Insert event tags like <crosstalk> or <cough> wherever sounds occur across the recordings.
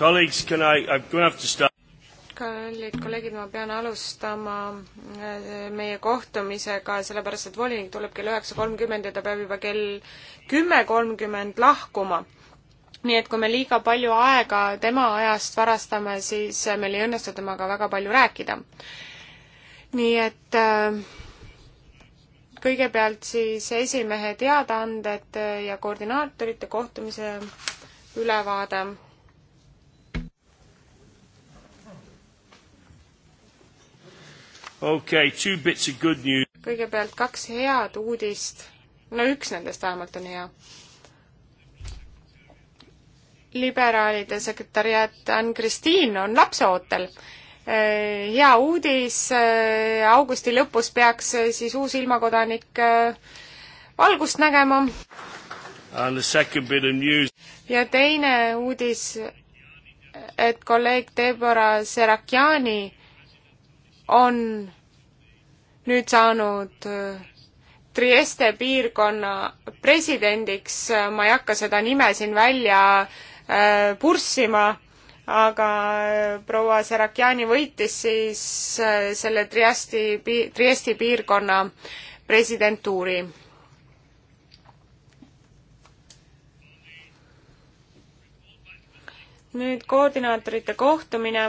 Colleagues, can I, I'm going to have to start. kallid kolleegid, ma pean alustama äh, meie kohtumisega, sellepärast et volinik tuleb kell üheksa kolmkümmend ja ta peab juba kell kümme kolmkümmend lahkuma. nii et kui me liiga palju aega tema ajast varastame, siis äh, meil ei õnnestu temaga väga palju rääkida. nii et äh, kõigepealt siis esimehe teadaanded ja koordinaatorite kohtumise ülevaade okay,. kõigepealt kaks head uudist, no üks nendest vähemalt on hea. liberaalide sekretäriat Ann-Kristiin on lapseootel eh, hea uudis, eh, augusti lõpus peaks eh, siis uus ilmakodanik valgust nägema. ja teine uudis, et kolleeg Deborah Serakiani on nüüd saanud äh, Trieste piirkonna presidendiks, ma ei hakka seda nime siin välja äh, purssima, aga äh, proua Serakiani võitis siis selle Triesti, Triesti piirkonna presidentuuri. nüüd koordinaatorite kohtumine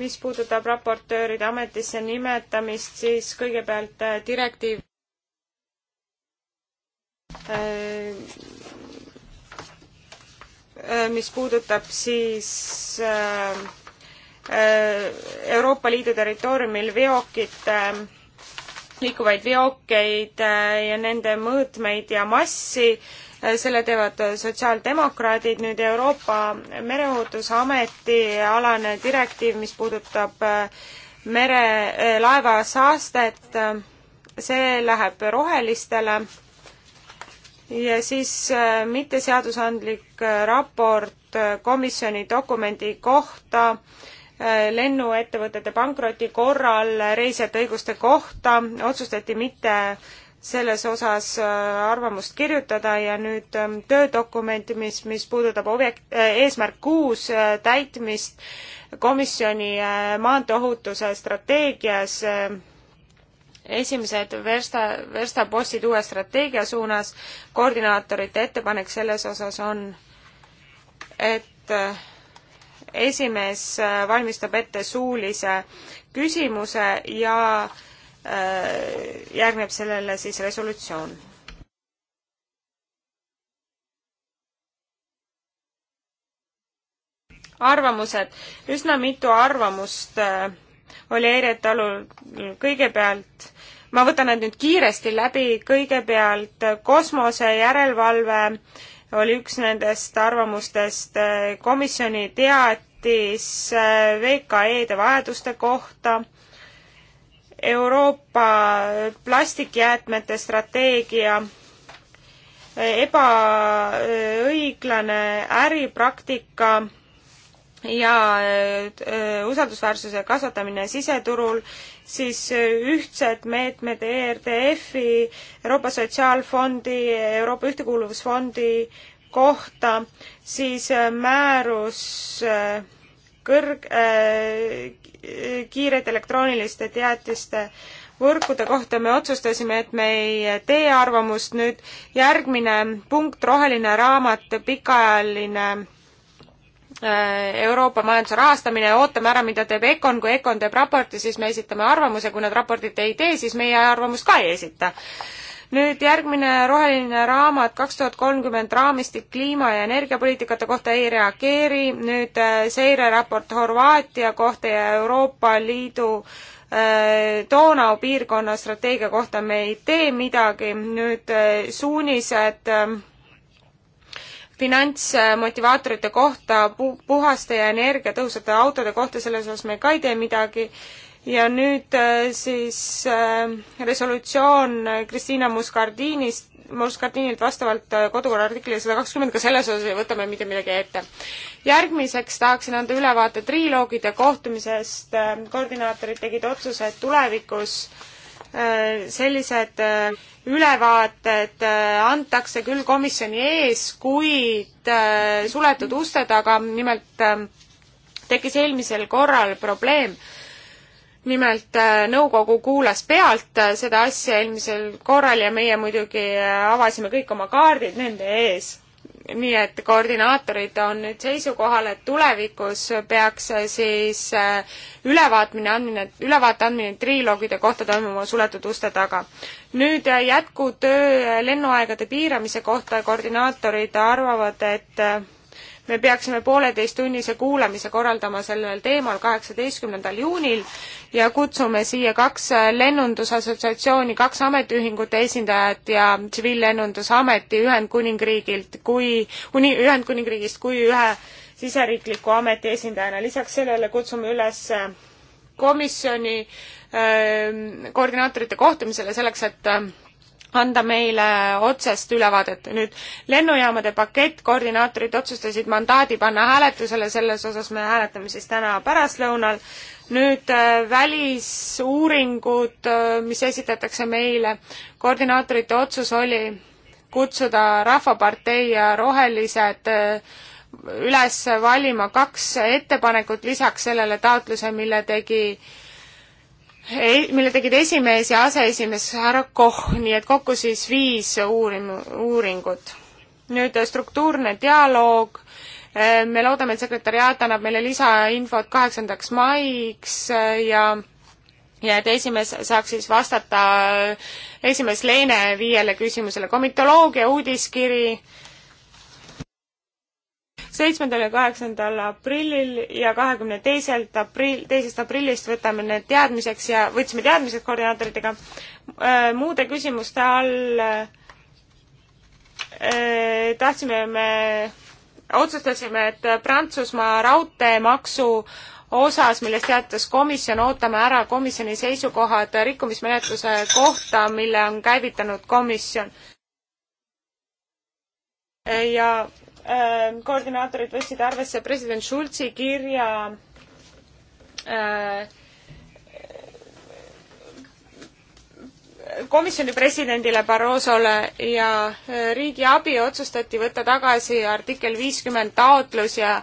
mis puudutab raportööride ametisse nimetamist, siis kõigepealt äh, direktiiv äh, äh, mis puudutab siis Euroopa Liidu territooriumil veokite, liikuvaid veokeid ja nende mõõtmeid ja massi, Eh, selle teevad eh, sotsiaaldemokraadid, nüüd Euroopa Mereohutusameti alane direktiiv, mis puudutab eh, mere, laeva saastet, see läheb rohelistele ja siis mitteseadusandlik raport komisjoni dokumendi kohta lennuettevõtete pankroti korral reisijate õiguste kohta otsustati mitte selles osas äh, arvamust kirjutada ja nüüd ähm, töödokument, mis, mis puudutab objekt, äh, eesmärk kuus äh, täitmist komisjoni maanteeohutuse strateegias, esimesed versta, verstapostid uue strateegia suunas, koordinaatorite ettepanek selles osas on, et esimees valmistab ette suulise küsimuse ja äh, Äh, järgneb sellele siis resolutsioon. arvamused, üsna mitu arvamust äh, oli Eire Talul kõigepealt ma võtan need nüüd kiiresti läbi, kõigepealt äh, kosmosejärelevalve oli üks nendest arvamustest, komisjoni teatis VKE-de vajaduste kohta, Euroopa plastikjäätmete strateegia ebaõiglane äripraktika ja äh, usaldusväärsuse kasvatamine siseturul, siis äh, ühtsed meetmed ERDF-i, Euroopa Sotsiaalfondi, Euroopa Ühtekuuluvusfondi kohta, siis äh, määrus kõrg- äh,, kiired elektrooniliste teatiste võrkude kohta me otsustasime, et me ei tee arvamust nüüd. järgmine punkt, roheline raamat, pikaajaline äh, Euroopa majanduse rahastamine, ootame ära, mida teeb Econ, kui Econ teeb raporti, siis me esitame arvamuse, kui nad raportit ei tee, siis meie arvamust ka ei esita nüüd järgmine roheline raamat kaks tuhat kolmkümmend raamistik kliima ja energiapoliitikate kohta ei reageeri, nüüd äh, seireraport Horvaatia kohta ja Euroopa Liidu äh, Donau piirkonna strateegia kohta me ei tee midagi, nüüd äh, suunised finantsmotivaatorite kohta, puhaste ja energiatõhusate autode kohta, selles osas me ka ei tee midagi ja nüüd äh, siis äh, resolutsioon äh, Kristiina Muscardinist, Muscardinilt vastavalt kodukorra artiklile sada kakskümmend, ka selles osas ei võta me mitte midagi ette. järgmiseks tahaksin anda ülevaate triloogide kohtumisest, koordinaatorid tegid otsuse, et tulevikus sellised ülevaated antakse küll komisjoni ees, kuid suletud uste taga, nimelt tekkis eelmisel korral probleem, nimelt äh, nõukogu kuulas pealt äh, seda asja eelmisel korral ja meie muidugi äh, avasime kõik oma kaardid nende ees. nii et koordinaatorid on nüüd seisukohal, et tulevikus peaks siis ülevaatmine andmine, ülevaate andmine triloogide kohta toimuma suletud uste taga. nüüd jätkutöö lennuaegade piiramise kohta koordinaatorid arvavad, et me peaksime pooleteisttunnise kuulamise korraldama sellel teemal kaheksateistkümnendal juunil ja kutsume siia kaks lennundusassotsiatsiooni, kaks ametiühingute esindajat ja tsiviillennundusameti Ühendkuningriigilt kui, uni-, Ühendkuningriigist kui ühe siseriikliku ameti esindajana, lisaks sellele kutsume üles komisjoni öö, koordinaatorite kohtumisele selleks, et anda meile otsest ülevaadet. nüüd lennujaamade pakett, koordinaatorid otsustasid mandaadi panna hääletusele, selles osas me hääletame siis täna pärastlõunal. nüüd äh, välisuuringud, äh, mis esitatakse meile, koordinaatorite otsus oli kutsuda Rahvapartei ja Rohelised äh, üles valima kaks ettepanekut lisaks sellele taotluse, mille tegi äh, mille tegid esimees ja aseesimees härra Koch, nii et kokku siis viis uurim-, uuringut. nüüd äh, struktuurne dialoog, äh, me loodame, et sekretäriaat annab meile lisainfot kaheksandaks maiks äh, ja ja et esimees saaks siis vastata, esimees Leene viiele küsimusele, komitoloogia uudiskiri äh, seitsmendal ja kaheksandal aprillil ja kahekümne teiselt aprill, teisest aprillist võtame need teadmiseks ja võtsime teadmiseks koordinaatoritega. Äh, muude küsimuste all äh, tahtsime me, otsustasime, et Prantsusmaa raudteemaksu osas, millest teatas komisjon, ootame ära komisjoni seisukohad rikkumismenetluse kohta, mille on käivitanud komisjon. ja Ähm, koordinaatorid võtsid arvesse president Schulzi kirja äh, komisjoni presidendile Barrosole ja äh, riigiabi otsustati võtta tagasi artikkel viiskümmend taotlus ja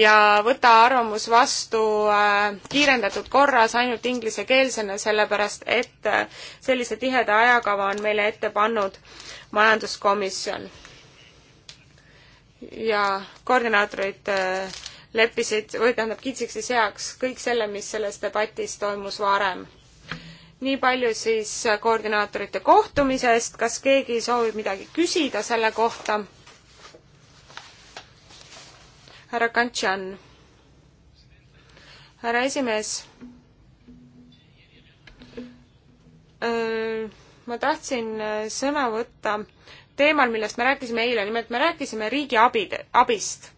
ja võtta arvamus vastu äh, kiirendatud korras ainult inglisekeelsena, sellepärast et äh, sellise tiheda ajakava on meile ette pannud majanduskomisjon ja koordinaatorid äh, leppisid või tähendab, kitsiksid heaks kõik selle, mis selles debatis toimus varem. nii palju siis äh, koordinaatorite kohtumisest, kas keegi soovib midagi küsida selle kohta? härra Kantšan. härra esimees. Äh, ma tahtsin sõna võtta teemal, millest me rääkisime eile, nimelt me rääkisime riigi abide, abist.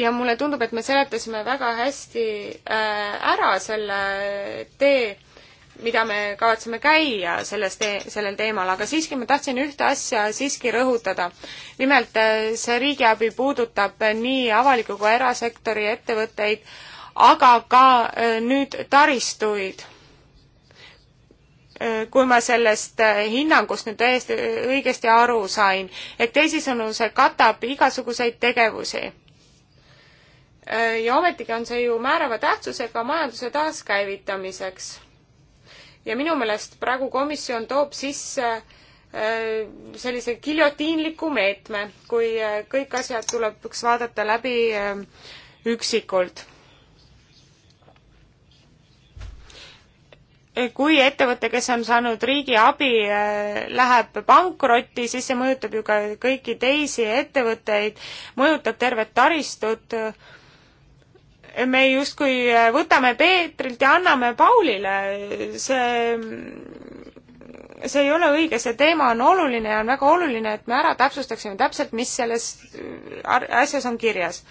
ja mulle tundub, et me seletasime väga hästi äh, ära selle tee, mida me kavatseme käia selles tee, sellel teemal, aga siiski ma tahtsin ühte asja siiski rõhutada. nimelt äh, see riigiabi puudutab nii avaliku kui erasektori ettevõtteid, aga ka äh, nüüd taristuid kui ma sellest äh, hinnangust nüüd täiesti õigesti aru sain, et teisisõnu, see katab igasuguseid tegevusi. Äh, ja ometigi on see ju määrava tähtsusega majanduse taaskäivitamiseks. ja minu meelest praegu komisjon toob sisse äh, sellise giljotiinliku meetme, kui kõik asjad tuleb üks vaadata läbi üksikult kui ettevõte, kes on saanud riigi abi, äh, läheb pankrotti, siis see mõjutab ju ka kõiki teisi ettevõtteid, mõjutab tervet taristut. me justkui äh, võtame Peetrilt ja anname Paulile, see see ei ole õige, see teema on oluline ja on väga oluline, et me ära täpsustaksime täpselt, mis selles äh, asjas on kirjas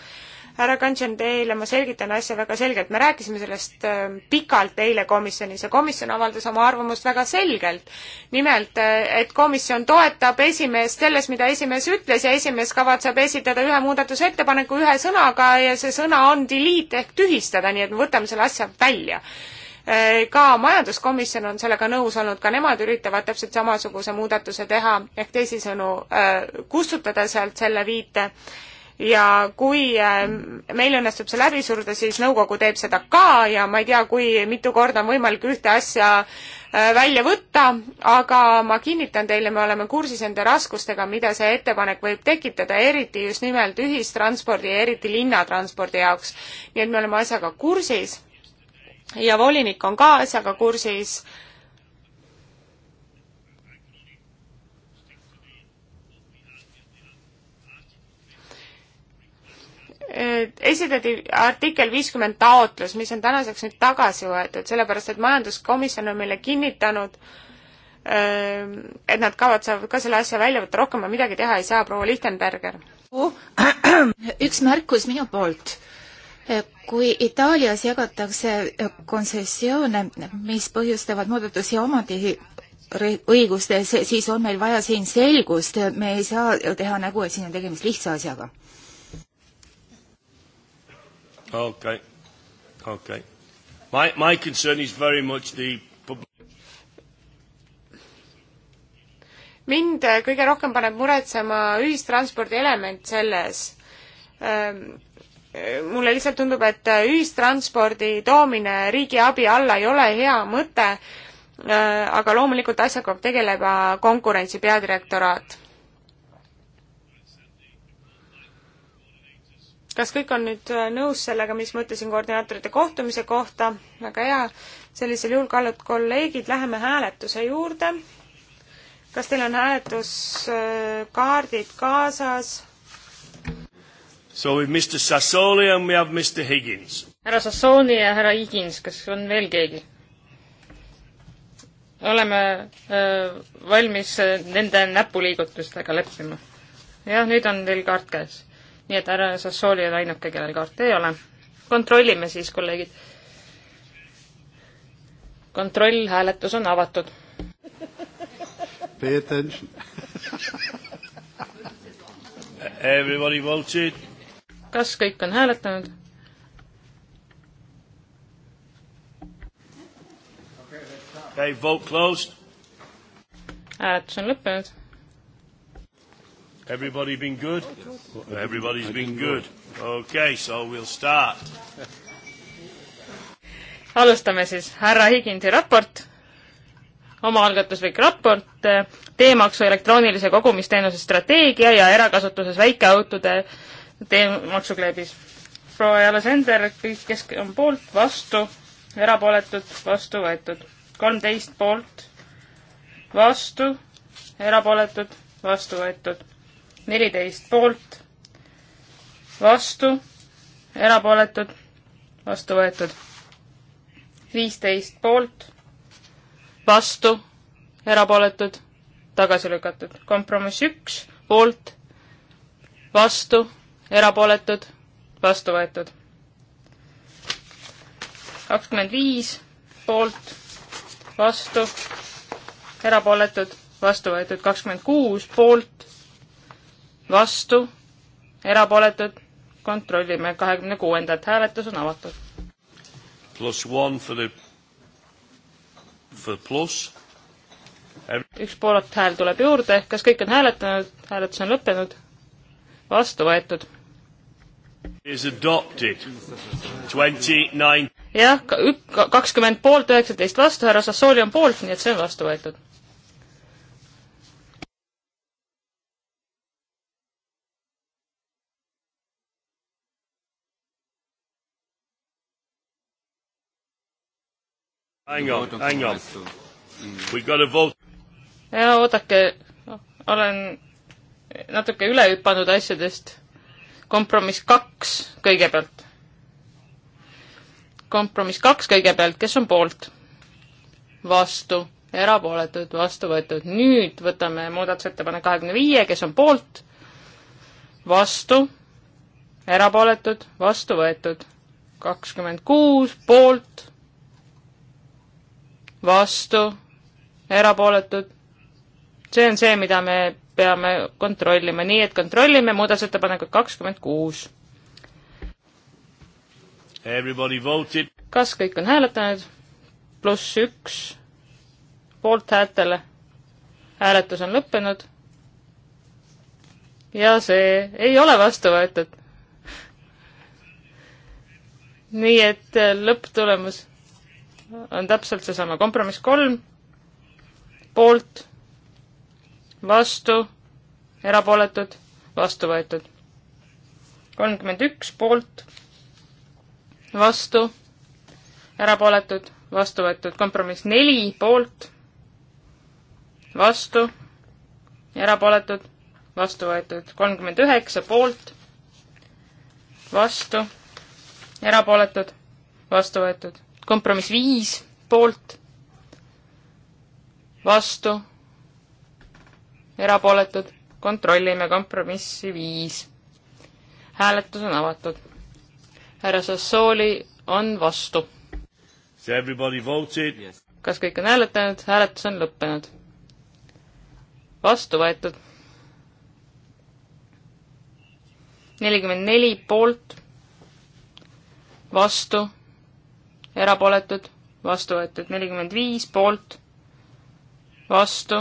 härra Kantšen, teile ma selgitan asja väga selgelt, me rääkisime sellest äh, pikalt eile komisjonis ja komisjon avaldas oma arvamust väga selgelt. nimelt, äh, et komisjon toetab esimeest selles, mida esimees ütles ja esimees kavatseb esitada ühe muudatusettepaneku ühe sõnaga ja see sõna on delete ehk tühistada, nii et me võtame selle asja välja äh, ka majanduskomisjon on sellega nõus olnud, ka nemad üritavad täpselt samasuguse muudatuse teha, ehk teisisõnu kustutada sealt selle viite ja kui äh, meil õnnestub see läbi suruda, siis nõukogu teeb seda ka ja ma ei tea, kui mitu korda on võimalik ühte asja äh, välja võtta, aga ma kinnitan teile, me oleme kursis nende raskustega, mida see ettepanek võib tekitada, eriti just nimelt ühistranspordi ja eriti linnatranspordi jaoks. nii et me oleme asjaga kursis ja volinik on ka asjaga kursis esitati artikkel viiskümmend taotlus, mis on tänaseks nüüd tagasi võetud, sellepärast et majanduskomisjon on meile kinnitanud, ähm, et nad kavatsevad ka selle asja välja võtta, rohkem ma midagi teha ei saa, proua Lichtenberger. üks märkus minu poolt. kui Itaalias jagatakse kontsessioone, mis põhjustavad muudatusi omandi õigustes, siis on meil vaja siin selgust, me ei saa teha nägu, et siin on tegemist lihtsa asjaga Okay. Okay. My, my concern is very much the mind äh, kõige rohkem paneb muretsema ühistranspordi element selles. Ähm, mulle lihtsalt tundub, et äh, ühistranspordi toomine riigiabi alla ei ole hea mõte, äh, aga loomulikult asjaga tegeleb konkurentsi peadirektoraat kas kõik on nüüd äh, nõus sellega, mis ma ütlesin koordinaatorite kohtumise kohta? väga hea, sellisel juhul, kallid kolleegid, läheme hääletuse juurde. kas teil on hääletuskaardid kaasas? So with Mr Sassoli and we have Mr Higgins. härra Sassoli ja härra Higgins, kas on veel keegi? oleme öö, äh, valmis äh, nende näpuliigutustega leppima. jah, nüüd on teil kaart käes nii et härra Sassooli on ainuke, kellel kaarte ei ole. kontrollime siis, kolleegid. kontrollhääletus on avatud. Pay attention <laughs> Everybody voted. kas kõik on hääletanud? Okay, vote closed. hääletus on lõppenud Everybody been good? Everybody's been good. Okay, so we'll start. alustame siis härra Higinsi raport, omaalgatuslik raport, eh, teemaksu elektroonilise kogumisteenuse strateegia ja erakasutuses väikeautode teemaksukleebis. proua Jala Sender, kõik, kes on poolt, vastu, erapooletud, vastu võetud. kolmteist poolt, vastu, erapooletud, vastu võetud neliteist poolt, vastu, erapooletud, vastu võetud. viisteist poolt, vastu, erapooletud, tagasi lükatud. kompromiss üks, poolt, vastu, erapooletud, vastu võetud. kakskümmend viis poolt, vastu, erapooletud, vastu võetud kakskümmend kuus poolt, vastu, erapooletud, kontrollime kahekümne kuuendat, hääletus on avatud. pluss one for the, for pluss. üks poolt hääl tuleb juurde, kas kõik on hääletanud, hääletus on lõppenud, vastu võetud. Is adopted twenty nine jah, kakskümmend poolt, üheksateist vastu, härra Sassooli on poolt, nii et see on vastu võetud Hang on, hang on. Mm. We got a vote. ja oodake, olen natuke üle hüpanud asjadest. kompromiss kaks kõigepealt. kompromiss kaks kõigepealt, kes on poolt? vastu, erapooletud, vastu võetud. nüüd võtame muudatusettepanek kahekümne viie, kes on poolt? vastu, erapooletud, vastu võetud. kakskümmend kuus poolt, vastu, erapooletud. see on see, mida me peame kontrollima, nii et kontrollime muudatusettepanekut kakskümmend kuus. kas kõik on hääletanud? pluss üks poolthäältele. hääletus on lõppenud. ja see ei ole vastu võetud. nii et lõpptulemus on täpselt seesama, kompromiss kolm, poolt, vastu, erapooletud, vastu võetud. kolmkümmend üks poolt, vastu, erapooletud, vastu võetud, kompromiss neli poolt, vastu, erapooletud, vastu võetud, kolmkümmend üheksa poolt, vastu, erapooletud, vastu võetud kompromiss viis poolt, vastu, erapooletud, kontrollime kompromissi viis. hääletus on avatud. härra Sassooli on vastu. kas kõik on hääletanud? hääletus on lõppenud. vastu võetud. nelikümmend neli poolt, vastu erapooletud, vastu võetud nelikümmend viis, poolt, vastu,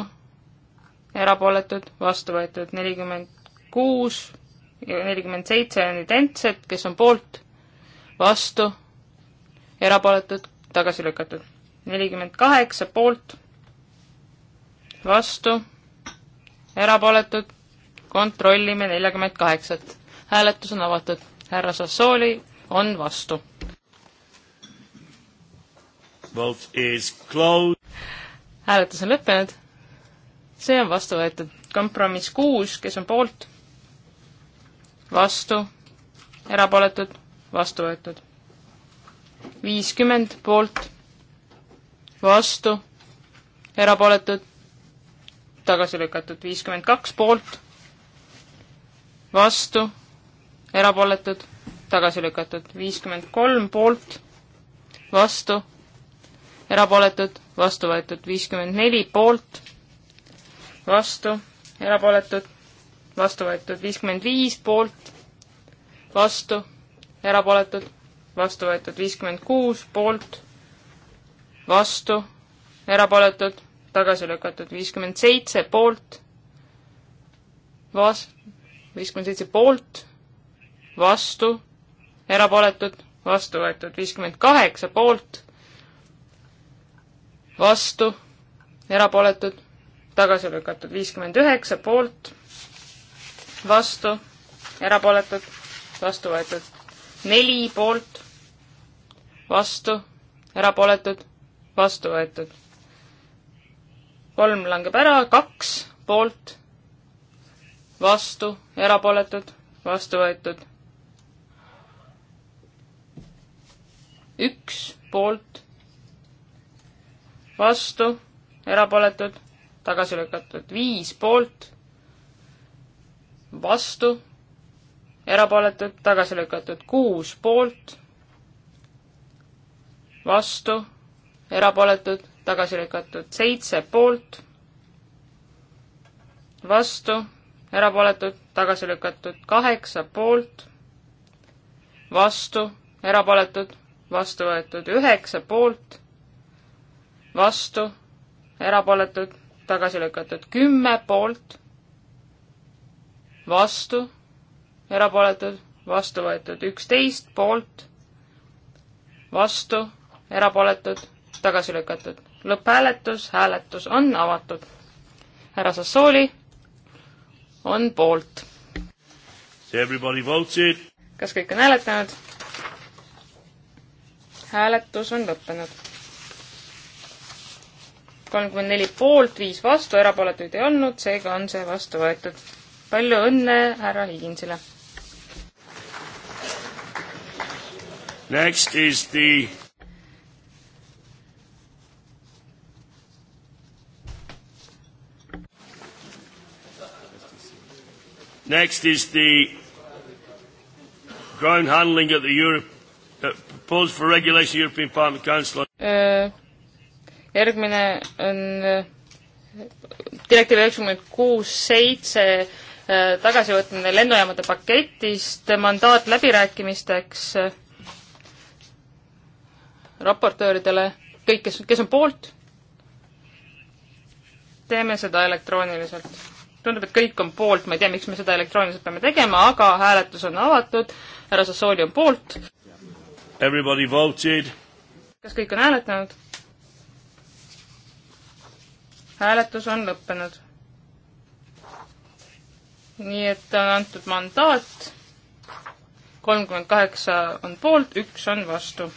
erapooletud, vastu võetud nelikümmend kuus ja nelikümmend seitse on identsed, kes on poolt, vastu, erapooletud, tagasi lükatud. nelikümmend kaheksa poolt, vastu, erapooletud, kontrollime neljakümmet kaheksat. hääletus on avatud. härra Sassooli on vastu hääletus on lõppenud. see on vastu võetud. kompromiss kuus, kes on poolt? vastu, erapooletud, vastu võetud. viiskümmend poolt, vastu, erapooletud, tagasi lükatud. viiskümmend kaks poolt, vastu, erapooletud, tagasi lükatud. viiskümmend kolm poolt, vastu erapooletud, vastu võetud viiskümmend neli poolt, vastu, erapooletud, vastu võetud viiskümmend viis poolt, vastu, erapooletud, vastu võetud viiskümmend kuus poolt, vastu, erapooletud, tagasi lükatud viiskümmend seitse poolt, vas-, viiskümmend seitse poolt, vastu, erapooletud, vastu võetud viiskümmend kaheksa poolt vastu, erapooletud, tagasi lükatud, viiskümmend üheksa poolt, vastu, erapooletud, vastu võetud, neli poolt, vastu, erapooletud, vastu võetud. kolm langeb ära, kaks poolt, vastu, erapooletud, vastu võetud. üks poolt vastu, erapooletud, tagasi lükatud, viis poolt, vastu, erapooletud, tagasi lükatud, kuus poolt, vastu, erapooletud, tagasi lükatud, seitse poolt, vastu, erapooletud, tagasi lükatud, kaheksa poolt, vastu, erapooletud, vastu võetud, üheksa poolt vastu, erapooletud, tagasi lükatud. kümme poolt, vastu, erapooletud, vastu võetud. üksteist poolt, vastu, erapooletud, tagasi lükatud. lõpphääletus, hääletus on avatud. härra Sassooli on poolt. kas kõik on hääletanud? hääletus on lõppenud kolmkümmend neli poolt, viis vastu, erapooletuid ei olnud, seega on see vastu võetud. palju õnne härra Higinsile! Next is the Next is the ground handling at the Europe, uh, proposed for regulation European Parliament Council. Uh järgmine on äh, direktiiv üheksakümmend kuus seitse äh, tagasivõtmine lennujaamade paketist, mandaat läbirääkimisteks äh, raportööridele, kõik, kes, kes on poolt, teeme seda elektrooniliselt. tundub, et kõik on poolt, ma ei tea, miks me seda elektrooniliselt peame tegema, aga hääletus on avatud, härra Sassooli on poolt. kas kõik on hääletanud? hääletus on lõppenud. nii et on antud mandaat, kolmkümmend kaheksa on poolt, üks on vastu.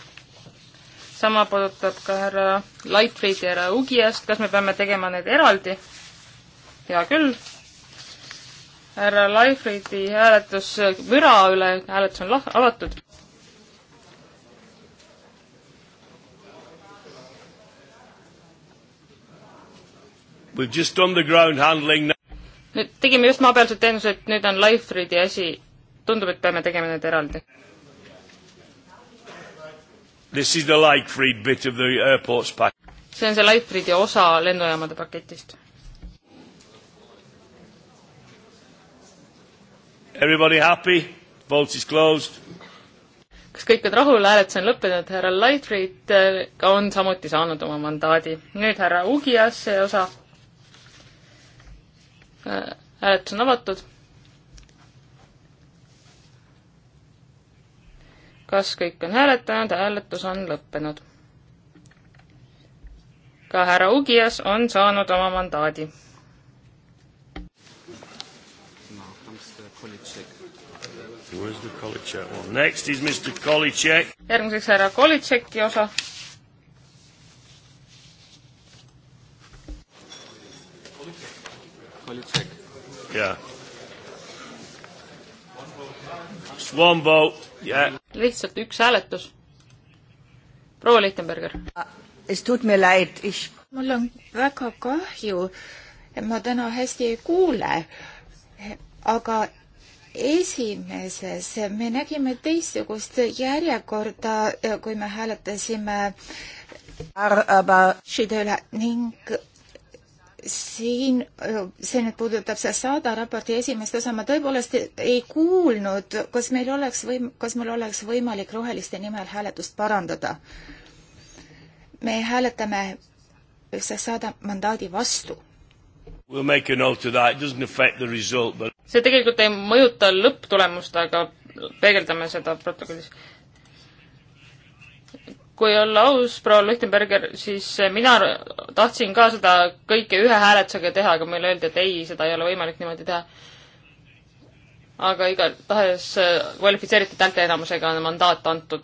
sama puudutab ka härra Lightfriedi ja härra Ugiast, kas me peame tegema need eraldi? hea küll. härra Lightfriedi hääletus müra üle, hääletus on lah-, avatud. We've just done the ground handling. nüüd tegime just maapealsed teenused, nüüd on Liferidi asi. tundub, et peame tegema need eraldi. This is the Liferid bit of the airport's pack. see on see Liferidi osa lennujaamade paketist. Everybody happy? Vote is closed. kas kõik on rahul, hääletus on lõppenud, härra Lightfried äh, on samuti saanud oma mandaadi. nüüd härra Ugias, see osa Äh, hääletus on avatud. kas kõik on hääletanud, hääletus on lõppenud. ka härra Ugias on saanud oma mandaadi. järgmiseks härra Kolitšeki osa Polizek. jaa. One vote, jah. lihtsalt üks hääletus. proua Lichtenberger. mul on väga kahju, ma täna hästi ei kuule, aga esimeses me nägime teistsugust järjekorda, kui me hääletasime üle ning siin, see nüüd puudutab see Sada raporti esimest osa, ma tõepoolest ei kuulnud, kas meil oleks võim-, kas mul oleks võimalik roheliste nimel hääletust parandada. me hääletame Sada mandaadi vastu. We'll make a note of that, it doesn't affect the result but see tegelikult ei mõjuta lõpptulemust, aga peegeldame seda protokollis kui olla aus, proua Luchtenberger, siis mina tahtsin ka seda kõike ühe hääletusega teha, aga meile öeldi, et ei, seda ei ole võimalik niimoodi teha. aga igatahes äh, kvalifitseeritud häälteenamusega on mandaat antud.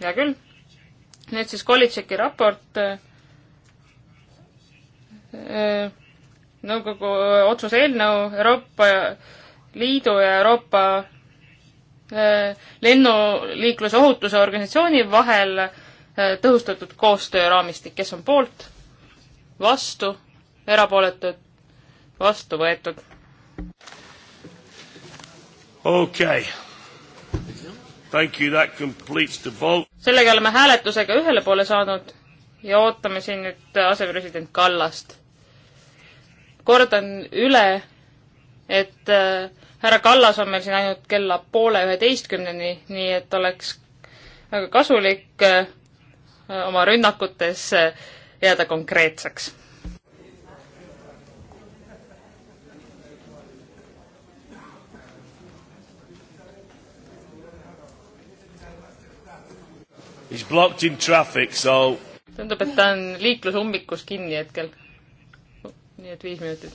hea küll. nüüd siis Kolitšeki raport. Äh, äh, nõukogu otsuse eelnõu Euroopa Liidu ja Euroopa Äh, lennuliikluse ohutuse organisatsiooni vahel äh, tõhustatud koostööraamistik, kes on poolt, vastu, erapooletud, vastu võetud. okei okay.. Thank you, that completes the vote. sellega oleme hääletusega ühele poole saanud ja ootame siin nüüd asepresident Kallast. kordan üle, et äh, härra Kallas on meil siin ainult kella poole üheteistkümneni, nii et oleks väga kasulik äh, oma rünnakutes äh, jääda konkreetseks He's blocked in traffic, so. tundub, et ta on liiklusummikus kinni hetkel. nii et viis minutit.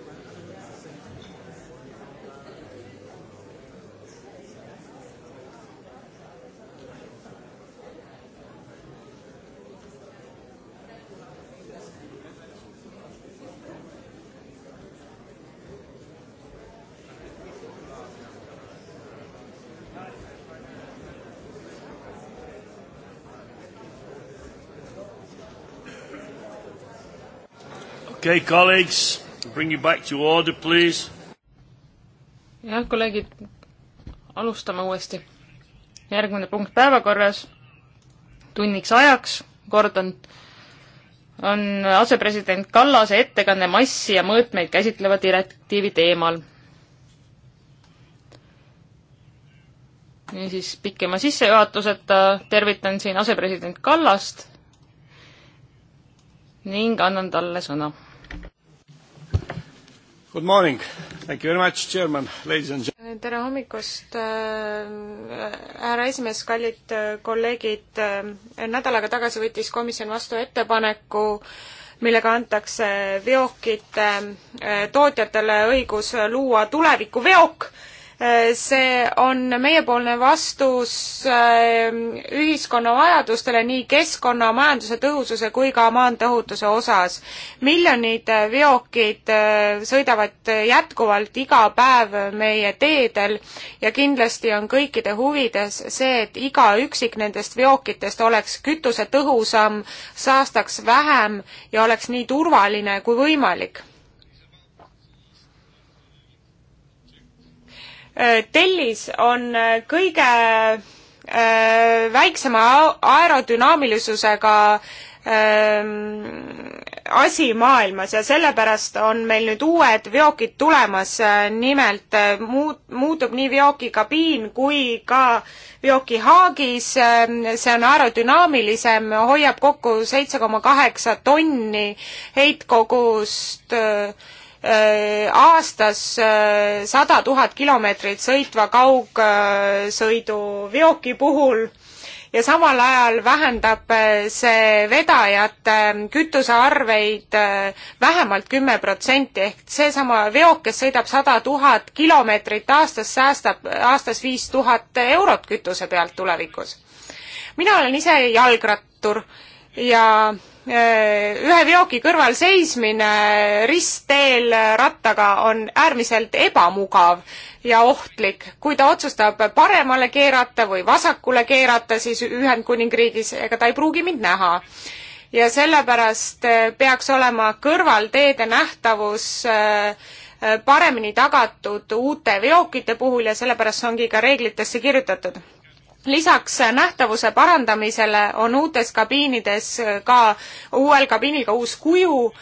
Okay, colleagues, bring you back to order, please. jah, kolleegid, alustame uuesti. järgmine punkt päevakorras, tunniks ajaks, kordan, on asepresident Kallase ettekanne massi ja mõõtmeid käsitleva direktiivi teemal. niisiis, pikema sissejuhatuseta tervitan siin asepresident Kallast ning annan talle sõna Good morning. Thank you very much, chairman, ladies and gentlemen. tere hommikust äh,, härra esimees, kallid äh, kolleegid äh,. nädal aega tagasi võttis komisjon vastu ettepaneku, millega antakse veokite äh, tootjatele õigus luua tulevikuveok äh, see on meiepoolne vastus äh, ühiskonna vajadustele nii keskkonna, majanduse tõhususe kui ka maanteeohutuse osas. miljonid veokid äh, sõidavad jätkuvalt iga päev meie teedel ja kindlasti on kõikide huvides see, et iga üksik nendest veokitest oleks kütusetõhusam, saastaks vähem ja oleks nii turvaline kui võimalik Äh, tellis on äh, kõige äh, väiksema aerodünaamilisusega ähm, asi maailmas ja sellepärast on meil nüüd uued veokid tulemas, nimelt muut-, muutub nii veokikabiin kui ka veokihaagis, ähm, see on aerodünaamilisem, hoiab kokku seitse koma kaheksa tonni heitkogust äh, Äh, aastas äh, sada tuhat kilomeetrit sõitva kaugsõiduveoki puhul ja samal ajal vähendab äh, see vedajate kütusearveid vähemalt kümme protsenti ehk seesama veok, kes sõidab sada tuhat kilomeetrit aastas, säästab aastas viis tuhat eurot kütuse pealt tulevikus. mina olen ise jalgrattur ja Äh, ühe veoki kõrval seismine ristteel rattaga on äärmiselt ebamugav ja ohtlik. kui ta otsustab paremale keerata või vasakule keerata, siis Ühendkuningriigis ega ta ei pruugi mind näha. ja sellepärast äh, peaks olema kõrvalteede nähtavus äh, paremini tagatud uute veokite puhul ja sellepärast see ongi ka reeglitesse kirjutatud lisaks nähtavuse parandamisele on uutes kabiinides ka, uuel kabiinil ka uus kuju,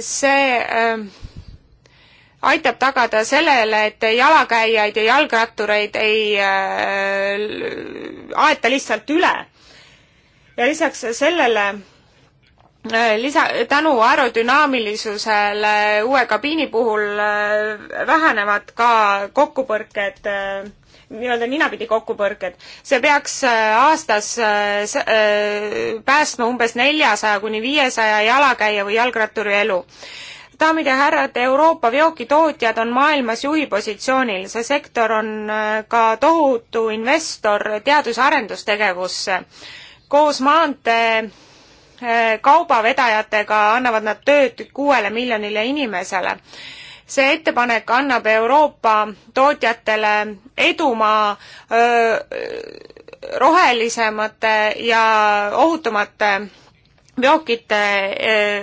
see äh, aitab tagada sellele, et jalakäijaid ja jalgrattureid ei äh, aeta lihtsalt üle. ja lisaks sellele äh, lisa, tänu aerodünaamilisusele uue kabiini puhul vähenevad ka kokkupõrked nii-öelda ninapidi kokkupõrked. see peaks äh, aastas äh, äh, päästma umbes neljasaja kuni viiesaja jalakäija või jalgratturi elu daamid ja härrad, Euroopa veokitootjad on maailmas juhipositsioonil, see sektor on ka tohutu investor teadus- ja arendustegevusse. koos maantee kaubavedajatega annavad nad tööd kuuele miljonile inimesele see ettepanek annab Euroopa tootjatele edumaa öö, rohelisemate ja ohutumate veokite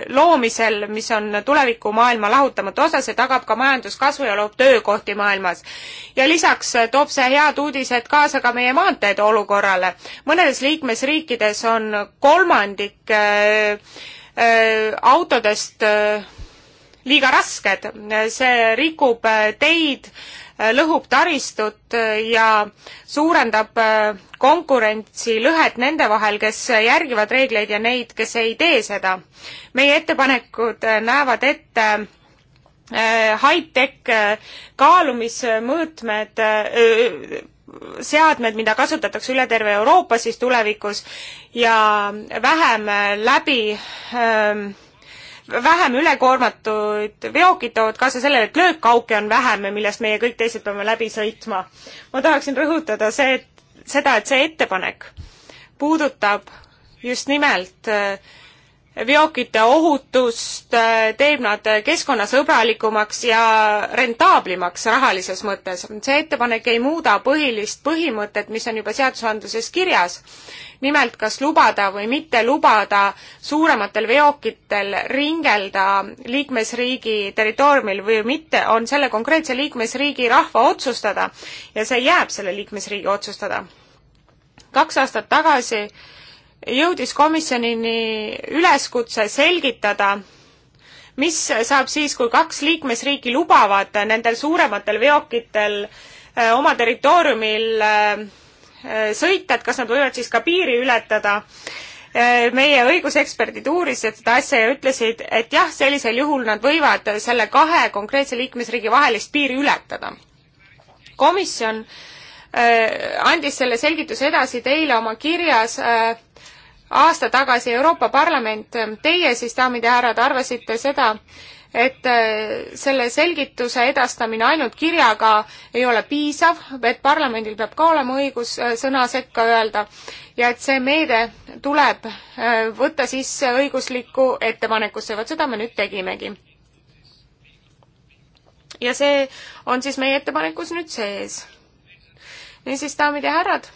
loomisel, mis on tuleviku maailma lahutamatu osa, see tagab ka majanduskasvu ja loob töökohti maailmas. ja lisaks äh, toob see head uudised kaasa ka meie maanteede olukorrale. mõnedes liikmesriikides on kolmandik äh, äh, autodest äh, liiga rasked, see rikub äh, teid, äh, lõhub taristut äh, ja suurendab konkurentsilõhet nende vahel, kes järgivad reegleid ja neid, kes ei tee seda. meie ettepanekud näevad ette high-tech kaalumismõõtmed, seadmed, mida kasutatakse üle terve Euroopa siis tulevikus ja vähem läbi öö, ähm, vähem ülekoormatud veokid toovad kaasa sellele, et löökauke on vähem ja millest meie kõik teised peame läbi sõitma. ma tahaksin rõhutada see, et seda, et see ettepanek puudutab just nimelt äh, veokite ohutust, äh, teeb nad keskkonnasõbralikumaks ja rentaablimaks rahalises mõttes. see ettepanek ei muuda põhilist põhimõtet, mis on juba seadusandluses kirjas. nimelt, kas lubada või mitte lubada suurematel veokitel ringelda liikmesriigi territooriumil või mitte, on selle konkreetse liikmesriigi rahva otsustada ja see jääb selle liikmesriigi otsustada. kaks aastat tagasi äh, jõudis komisjonini üleskutse selgitada, mis saab siis, kui kaks liikmesriiki lubavad nendel suurematel veokitel äh, oma territooriumil äh, äh, sõita, et kas nad võivad siis ka piiri ületada. meie õiguseksperdid uurisid seda asja ja ütlesid, et jah, sellisel juhul nad võivad selle kahe konkreetse liikmesriigi vahelist piiri ületada. komisjon andis selle selgituse edasi teile oma kirjas äh, aasta tagasi Euroopa Parlament, teie siis, daamid ja härrad, arvasite seda, et äh, selle selgituse edastamine ainult kirjaga ei ole piisav, et parlamendil peab ka olema õigus äh, sõna sekka öelda ja et see meede tuleb äh, võtta sisse õiguslikku ettepanekusse, vot seda me nüüd tegimegi. ja see on siis meie ettepanekus nüüd sees. niisiis, daamid ja härrad,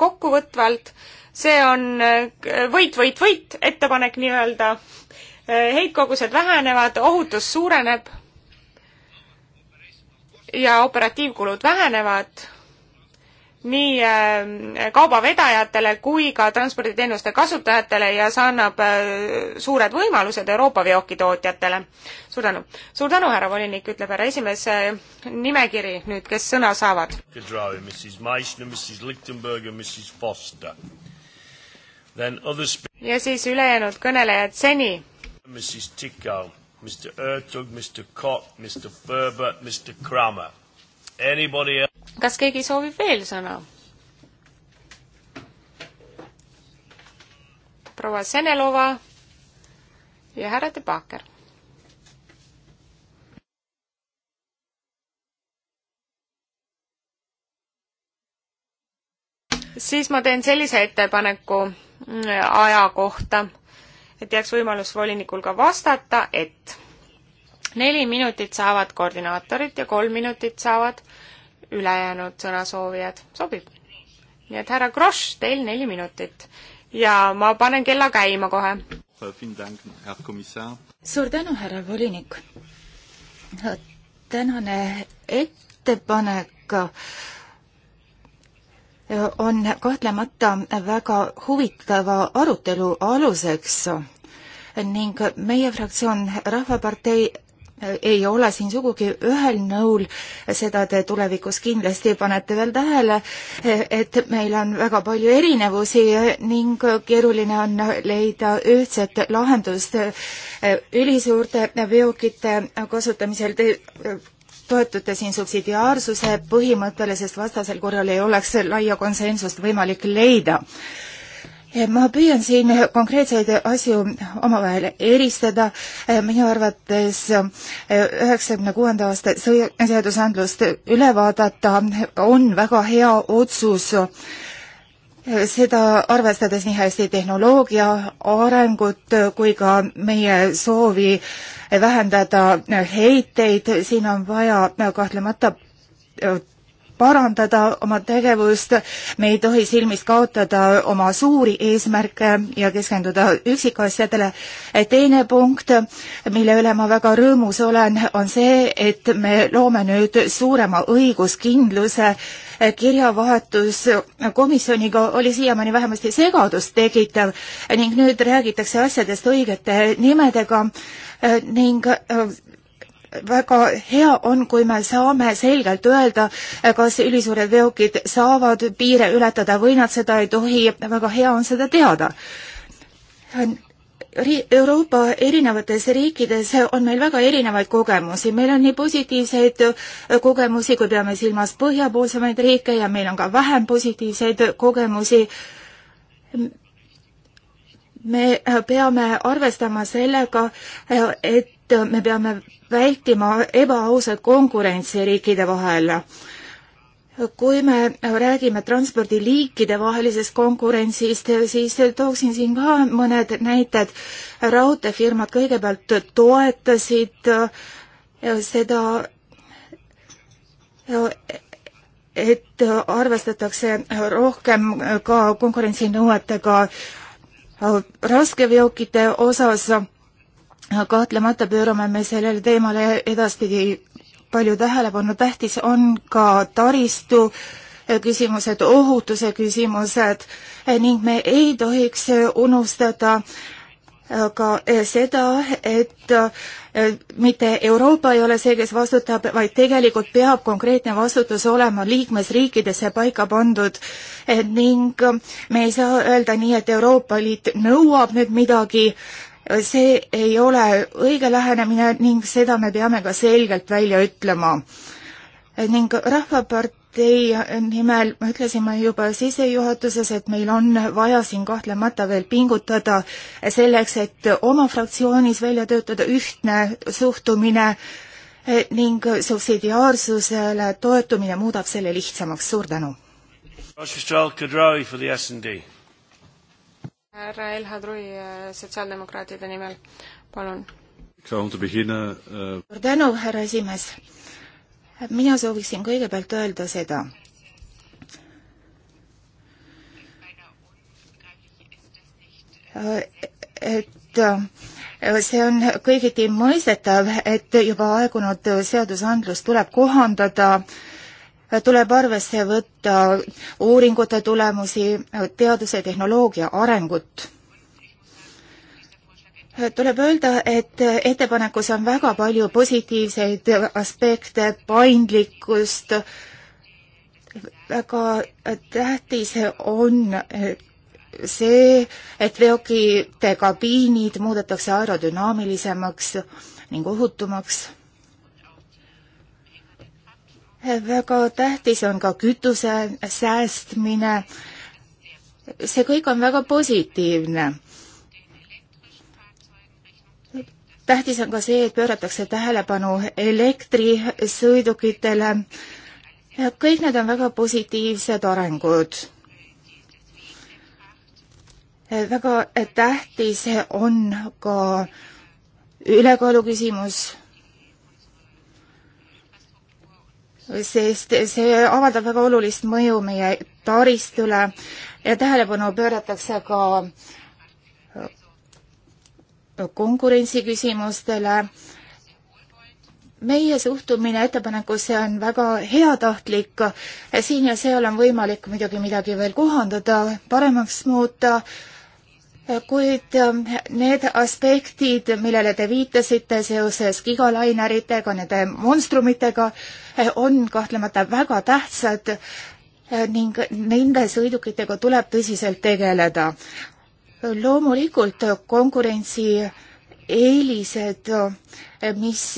kokkuvõtvalt äh, see on äh, võit, võit, võit ettepanek nii-öelda. Äh, heitkogused vähenevad, ohutus suureneb ja operatiivkulud vähenevad nii äh, kaubavedajatele kui ka transporditeenuste kasutajatele ja see annab suured võimalused Euroopa veokitootjatele. suur tänu. suur tänu, härra volinik, ütleb härra esimees. nimekiri nüüd, kes sõna saavad ja siis ülejäänud kõnelejad seni. Mrs Tikal, Mr Ertug, Mr Kopp, Mr Ferber, Mr Kramer. Anybody else? kas keegi soovib veel sõna? proua Senelova ja härra De Backer. siis ma teen sellise ettepaneku aja kohta, et jääks võimalus volinikul ka vastata, et neli minutit saavad koordinaatorid ja kolm minutit saavad ülejäänud sõnasoovijad, sobib? nii et härra Grosch, teil neli minutit ja ma panen kella käima kohe. suur tänu, härra volinik. tänane ettepanek on kahtlemata väga huvitava arutelu aluseks ning meie fraktsioon Rahvapartei ei ole siin sugugi ühel nõul, seda te tulevikus kindlasti panete veel tähele, et meil on väga palju erinevusi ning keeruline on leida ühtset lahendust ülisuurte veokite kasutamisel. Te toetute siin subsidiaarsuse põhimõttele, sest vastasel korral ei oleks laia konsensust võimalik leida. ma püüan siin konkreetseid asju omavahel eristada, minu arvates üheksakümne kuuenda aasta seadusandlust üle vaadata on väga hea otsus seda arvestades nii hästi tehnoloogia arengut kui ka meie soovi vähendada heiteid, siin on vaja kahtlemata parandada oma tegevust, me ei tohi silmist kaotada oma suuri eesmärke ja keskenduda üksikasjadele. teine punkt, mille üle ma väga rõõmus olen, on see, et me loome nüüd suurema õiguskindluse kirjavahetus komisjoniga oli siiamaani vähemasti segadust tekitav ning nüüd räägitakse asjadest õigete nimedega ning väga hea on, kui me saame selgelt öelda, kas ülisuured veokid saavad piire ületada või nad seda ei tohi, väga hea on seda teada. Euroopa erinevates riikides on meil väga erinevaid kogemusi, meil on nii positiivseid kogemusi, kui peame silmas põhjapoolsemaid riike ja meil on ka vähem positiivseid kogemusi me peame arvestama sellega, et et me peame vältima ebaausat konkurentsi riikide vahel. kui me räägime transpordiliikide vahelisest konkurentsist, siis tooksin siin ka mõned näited. raudteefirmad kõigepealt toetasid seda, et arvestatakse rohkem ka konkurentsinõuetega raskeveokite osas kahtlemata pöörame me sellele teemale edaspidi palju tähelepanu, tähtis on ka taristu küsimused, ohutuse küsimused eh, ning me ei tohiks unustada eh, ka eh, seda, et mitte Euroopa ei ole see, kes vastutab, vaid tegelikult peab konkreetne vastutus olema liikmesriikidesse paika pandud ning me ei saa öelda nii, et Euroopa Liit nõuab nüüd midagi see ei ole õige lähenemine ning seda me peame ka selgelt välja ütlema. ning Rahvapartei nimel me ütlesime juba sissejuhatuses, et meil on vaja siin kahtlemata veel pingutada selleks, et oma fraktsioonis välja töötada ühtne suhtumine ning subsidiaarsusele toetumine muudab selle lihtsamaks, suur tänu! Rochester Al-Kadrawi for the S&D härra El Hadrui äh, sotsiaaldemokraatide nimel, palun. Eh, suur tänu, härra esimees. mina sooviksin kõigepealt öelda seda, äh, et äh, see on kõigiti mõistetav, et juba aegunud seadusandlus tuleb kohandada äh, tuleb arvesse võtta uuringute tulemusi, teaduse ja tehnoloogia arengut. tuleb öelda, et ettepanekus on väga palju positiivseid aspekte, paindlikkust, väga tähtis on see, et veokite kabiinid muudetakse aerodünaamilisemaks ning ohutumaks väga tähtis on ka kütuse säästmine. see kõik on väga positiivne. tähtis on ka see, et pööratakse tähelepanu elektrisõidukitele. kõik need on väga positiivsed arengud. väga tähtis on ka ülekaalu küsimus sest see avaldab väga olulist mõju meie taristule ja tähelepanu pööratakse ka äh, konkurentsiküsimustele. meie suhtumine ettepanekusse on väga heatahtlik, siin ja seal on võimalik muidugi midagi veel kohandada, paremaks muuta, kuid ähm, need aspektid, millele te viitasite seoses gigalaineritega, nende monstrumitega, eh, on kahtlemata väga tähtsad eh, ning nende sõidukitega tuleb tõsiselt tegeleda. loomulikult konkurentsi eelised, eh, mis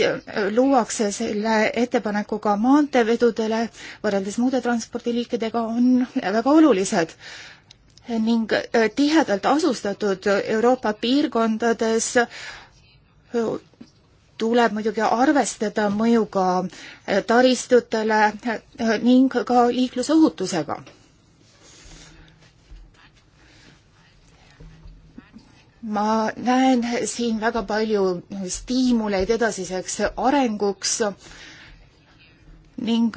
luuakse selle ettepanekuga maanteevedudele võrreldes muude transpordiliikidega, on väga olulised ning äh, tihedalt asustatud Euroopa piirkondades äh, tuleb muidugi arvestada mõjuga äh, taristutele ning ka liiklusohutusega. ma näen siin väga palju stiimuleid edasiseks arenguks ning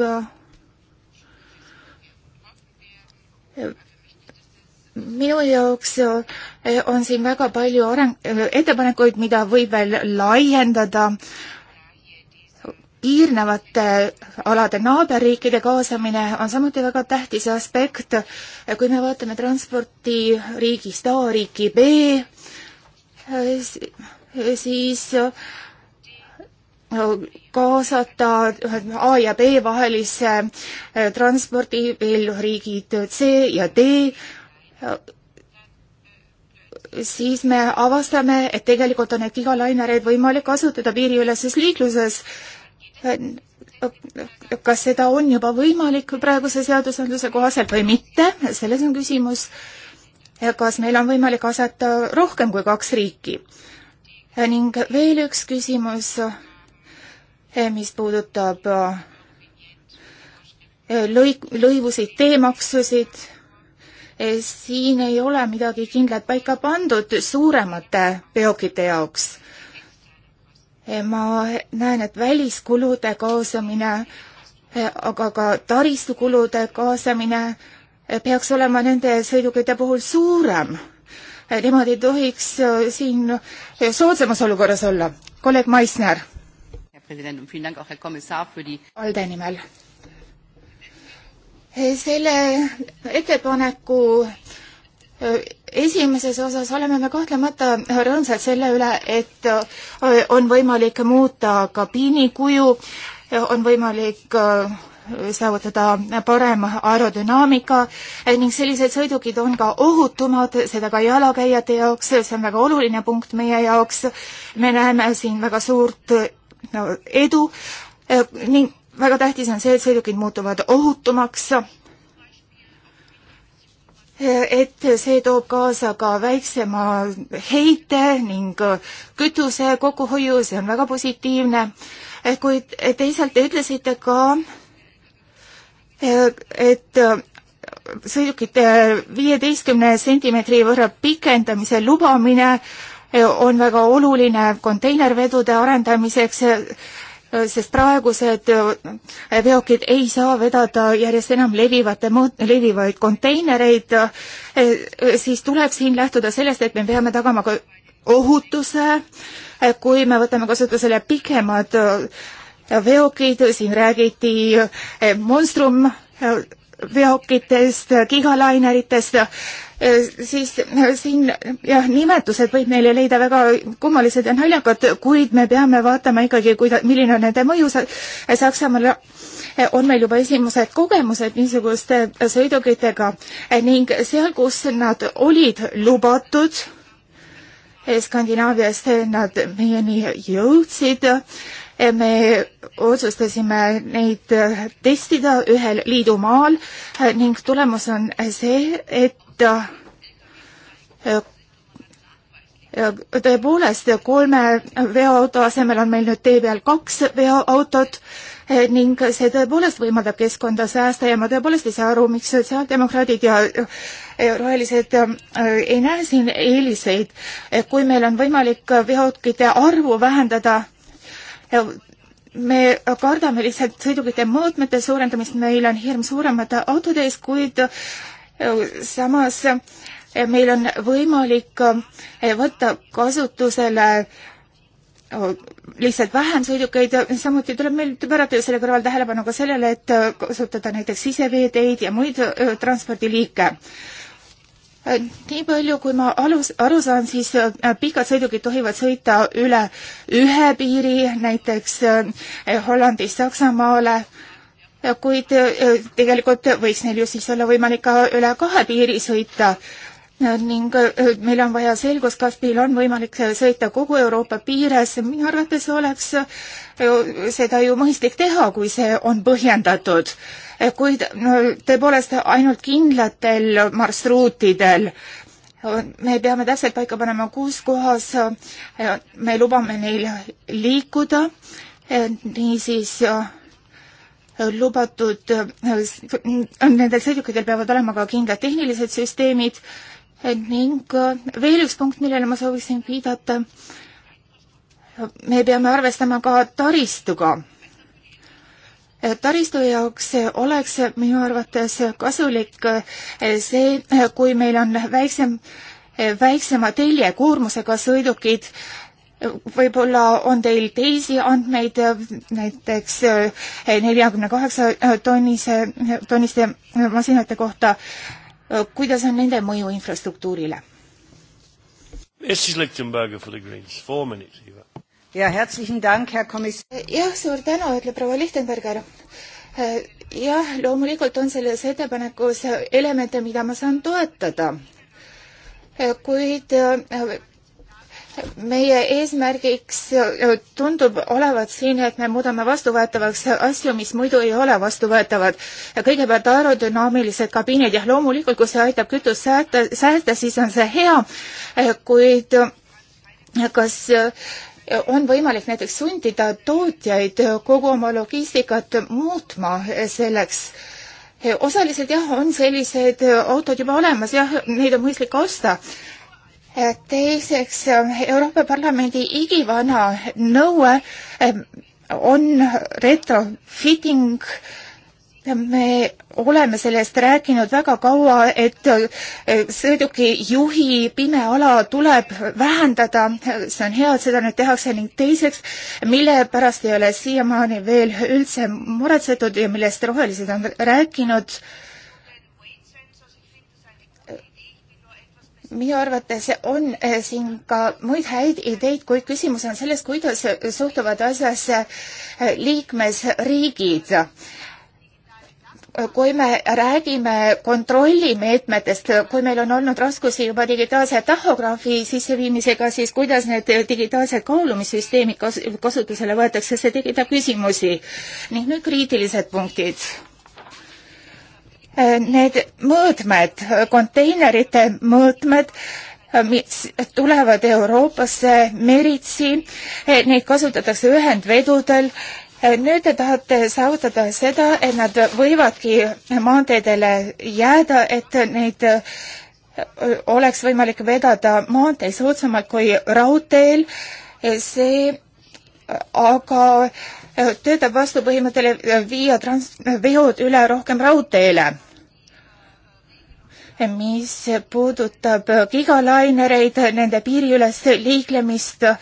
minu jaoks eh, on siin väga palju areng, eh, ettepanekuid, mida võib veel laiendada, piirnevate alade naaberriikide kaasamine on samuti väga tähtis aspekt, kui me vaatame transporti riigist A riiki B, eh, siis kaasata A ja B vahelisse transpordi veel riigid C ja D siis me avastame, et tegelikult on neid gigalainereid võimalik kasutada piiriüleses liikluses. kas seda on juba võimalik praeguse seadusandluse kohaselt või mitte, selles on küsimus. kas meil on võimalik aseta rohkem kui kaks riiki? ning veel üks küsimus, mis puudutab lõik-, lõivusid, teemaksusid Eh, siin ei ole midagi kindlat paika pandud suuremate veokite jaoks. Eh, ma näen, et väliskulude kaasamine, eh, aga ka taristukulude kaasamine peaks olema nende sõidukite puhul suurem. Nemad ei tohiks siin soodsamas olukorras olla. kolleeg Maisner. Alde nimel selle ettepaneku äh, esimeses osas oleme me kahtlemata rõõmsad selle üle, et äh, on võimalik muuta kabiini kuju, on võimalik äh, saavutada parem aerodünaamika ning sellised sõidukid on ka ohutumad, seda ka jalakäijate jaoks, see on väga oluline punkt meie jaoks. me näeme siin väga suurt no, edu ning väga tähtis on see, et sõidukid muutuvad ohutumaks, et see toob kaasa ka väiksema heite ning kütuse kokkuhoiu, see on väga positiivne, kuid teisalt te ütlesite ka, et sõidukite viieteistkümne sentimeetri võrra pikendamise lubamine on väga oluline konteinervedude arendamiseks sest praegused äh, veokid ei saa vedada järjest enam levivate, levivaid konteinereid, äh, äh, siis tuleb siin lähtuda sellest, et me peame tagama ka ohutuse, kui me võtame kasutusele pikemad veokid, siin räägiti monstrum veokitest, gigalaineritest, Äh, siis äh, siin jah, nimetused võib neile leida väga kummalised ja naljakad, kuid me peame vaatama ikkagi, kuida-, milline on nende mõju Saksamaale. Äh, on meil juba esimesed kogemused niisuguste sõidukitega ning seal, kus nad olid lubatud, Skandinaaviast nad meieni jõudsid Eh, me otsustasime neid eh, testida ühel liidumaal eh, ning tulemus on see, et tõepoolest kolme veoauto asemel on meil nüüd tee peal kaks veoautot ning see tõepoolest võimaldab keskkonda säästa ja ma tõepoolest ei saa aru, miks sotsiaaldemokraadid ja rohelised ei näe siin eeliseid. kui meil on võimalik veokite arvu vähendada me kardame lihtsalt sõidukite mõõtmete suurendamist, meil on hirm suuremate autode ees, kuid e, samas e, meil on võimalik e, võtta kasutusele lihtsalt vähem sõidukeid, samuti tuleb meil pöörata selle kõrval tähelepanu ka sellele, et kasutada näiteks siseveeteid ja muid transpordiliike. Äh, nii palju, kui ma alus, aru saan, siis äh, pikad sõidukid tohivad sõita üle ühe piiri, näiteks äh, Hollandist Saksamaale, kuid tegelikult võiks neil ju siis olla võimalik ka üle kahe piiri sõita ning meil on vaja selgust, kas meil on võimalik sõita kogu Euroopa piires, minu arvates oleks seda ju mõistlik teha, kui see on põhjendatud kuid tõepoolest ainult kindlatel marsruutidel me peame täpselt paika panema, kus kohas me lubame neil liikuda, niisiis lubatud, nendel sõidukitel peavad olema ka kindlad tehnilised süsteemid ning veel üks punkt, millele ma sooviksin viidata, me peame arvestama ka taristuga Eh, taristu jaoks eh, oleks minu arvates kasulik eh, see, kui meil on väiksem, väiksema teljekoormusega sõidukid, võib-olla on teil teisi andmeid, näiteks neljakümne kaheksa tonnise, tonniste masinate kohta, kuidas on nende mõju infrastruktuurile? Mrs Lichtenberger for the Greens, four minutes, Eva jah, suur tänu, ütleb proua Lichtenberger. Eh, jah, loomulikult on selles ettepanekus elemente, mida ma saan toetada. Eh, kuid eh, meie eesmärgiks tundub olevat siin, et me muudame vastuvõetavaks asju, mis muidu ei ole vastuvõetavad. kõigepealt aerodünaamilised kabiinid, jah, loomulikult, kui see aitab kütust säästa, säästa, siis on see hea, kuid kas on võimalik näiteks sundida tootjaid kogu oma logistikat muutma selleks. osaliselt jah, on sellised autod juba olemas, jah, neid on mõistlik osta. teiseks, Euroopa Parlamendi igivana nõue eh, on retrofitting äh, me oleme sellest rääkinud väga kaua, et äh, sõidukijuhi pime ala tuleb vähendada, see on hea, et seda nüüd tehakse ning teiseks, mille pärast ei ole siiamaani veel üldse muretsetud ja millest rohelised on rääkinud, minu arvates on äh, siin ka muid häid ideid, kuid küsimus on selles, kuidas suhtuvad asjasse äh, liikmesriigid kui me räägime kontrollimeetmetest, kui meil on olnud raskusi juba digitaalse tahograafi sisseviimisega, siis kuidas need digitaalsed kaalumissüsteemid kas-, kasutusele võetakse, see tekitab küsimusi. ning nüüd kriitilised punktid. Äh, need mõõtmed, konteinerite mõõtmed, äh, mis tulevad Euroopasse meritsi, äh, neid kasutatakse ühendvedudel Äh, nüüd te tahate saavutada seda, et nad võivadki maanteedele jääda, et neid äh, oleks võimalik vedada maanteel soodsamalt kui raudteel, äh, see aga töötab vastu põhimõttele viia trans-, veod üle rohkem raudteele mis puudutab gigalainereid, nende piiriülest liiklemist, eh,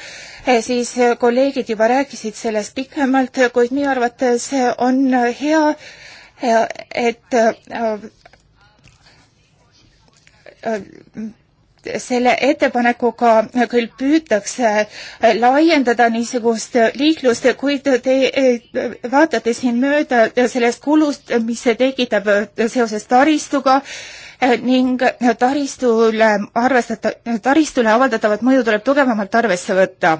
siis kolleegid juba rääkisid sellest pikemalt, kuid minu arvates on hea, eh, et eh, selle ettepanekuga küll püütakse laiendada niisugust liiklust, kuid te vaatate siin mööda sellest kulust, mis see tekitab seoses taristuga Eh, ning eh, taristule arvestata, taristule avaldatavat mõju tuleb tugevamalt arvesse võtta.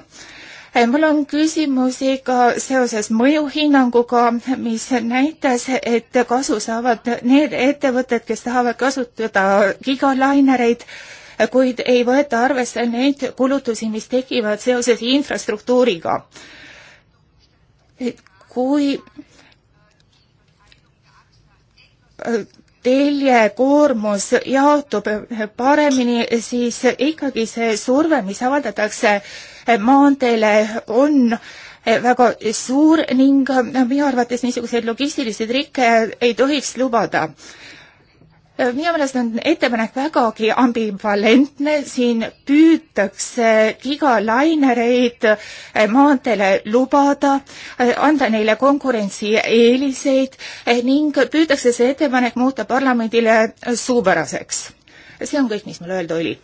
Eh, mul on küsimusi ka seoses mõjuhinnanguga, mis näitas, et kasu saavad need ettevõtted, kes tahavad kasutada gigalainereid, kuid ei võeta arvesse neid kulutusi, mis tekivad seoses infrastruktuuriga. kui teljekoormus jaotub paremini, siis ikkagi see surve, mis avaldatakse maanteele, on väga suur ning minu arvates niisuguseid logistilisi trikke ei tohiks lubada minu meelest on ettepanek vägagi ambivalentne, siin püütakse gigalainereid eh, maanteele lubada, eh, anda neile konkurentsieeliseid eh, ning püütakse see ettepanek muuta parlamendile suupäraseks. see on kõik, mis mul öelda oli.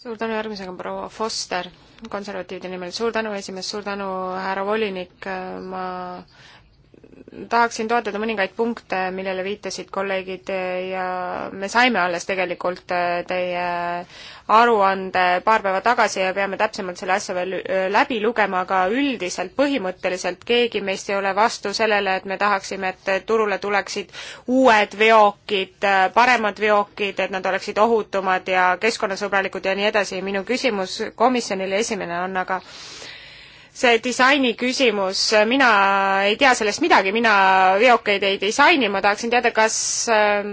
suur tänu, järgmisega proua Foster konservatiivide nimel, suur tänu, esimees, suur tänu, härra volinik, ma tahaksin toetada mõningaid punkte, millele viitasid kolleegid eh, ja me saime alles tegelikult eh, teie aruande paar päeva tagasi ja peame täpsemalt selle asja veel eh, läbi lugema, aga üldiselt põhimõtteliselt keegi meist ei ole vastu sellele, et me tahaksime, et turule tuleksid uued veokid, paremad veokid, et nad oleksid ohutumad ja keskkonnasõbralikud ja nii edasi. minu küsimus komisjonile esimene on aga äh, see disaini küsimus, mina ei tea sellest midagi, mina veokeid ei disaini, ma tahaksin teada, kas ähm,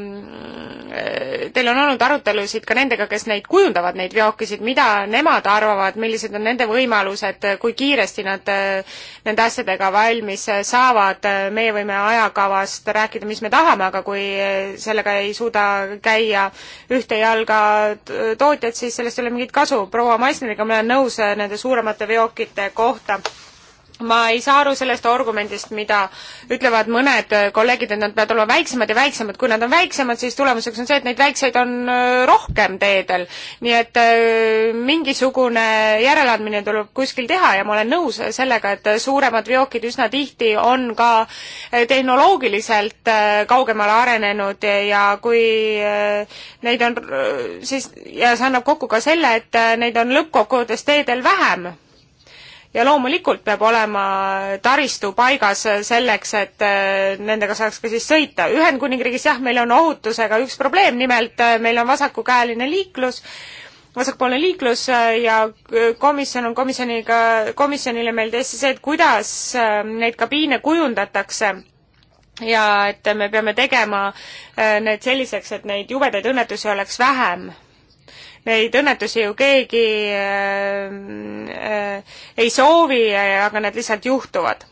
teil on olnud arutelusid ka nendega, kes neid kujundavad, neid veokesid, mida nemad arvavad, millised on nende võimalused, kui kiiresti nad äh, nende asjadega valmis saavad, meie võime ajakavast rääkida, mis me tahame, aga kui äh, sellega ei suuda käia ühte jalga tootjad, siis sellest ei ole mingit kasu. proua Maisneriga ma olen nõus äh, nende suuremate veokite kohta, kohta ma ei saa aru sellest argumendist, mida ütlevad mõned kolleegid, et nad peavad olema väiksemad ja väiksemad, kui nad on väiksemad, siis tulemuseks on see, et neid väikseid on äh, rohkem teedel. nii et äh, mingisugune järeleandmine tuleb kuskil teha ja ma olen nõus sellega, et suuremad veokid üsna tihti on ka äh, tehnoloogiliselt kaugemale arenenud ja kui neid on siis, ja see annab kokku ka selle, et neid on lõppkokkuvõttes teedel vähem ja loomulikult peab olema taristu paigas selleks, et äh, nendega saaks ka siis sõita. Ühendkuningriigis jah, meil on ohutusega üks probleem, nimelt äh, meil on vasakukäeline liiklus, vasakpoolne liiklus äh, ja komisjon on komisjoniga, komisjonile meil tõesti see, et kuidas neid kabiine kujundatakse ja et me peame tegema need selliseks, et neid jubedaid õnnetusi oleks vähem Neid õnnetusi ju keegi äh, äh, ei soovi, aga need lihtsalt juhtuvad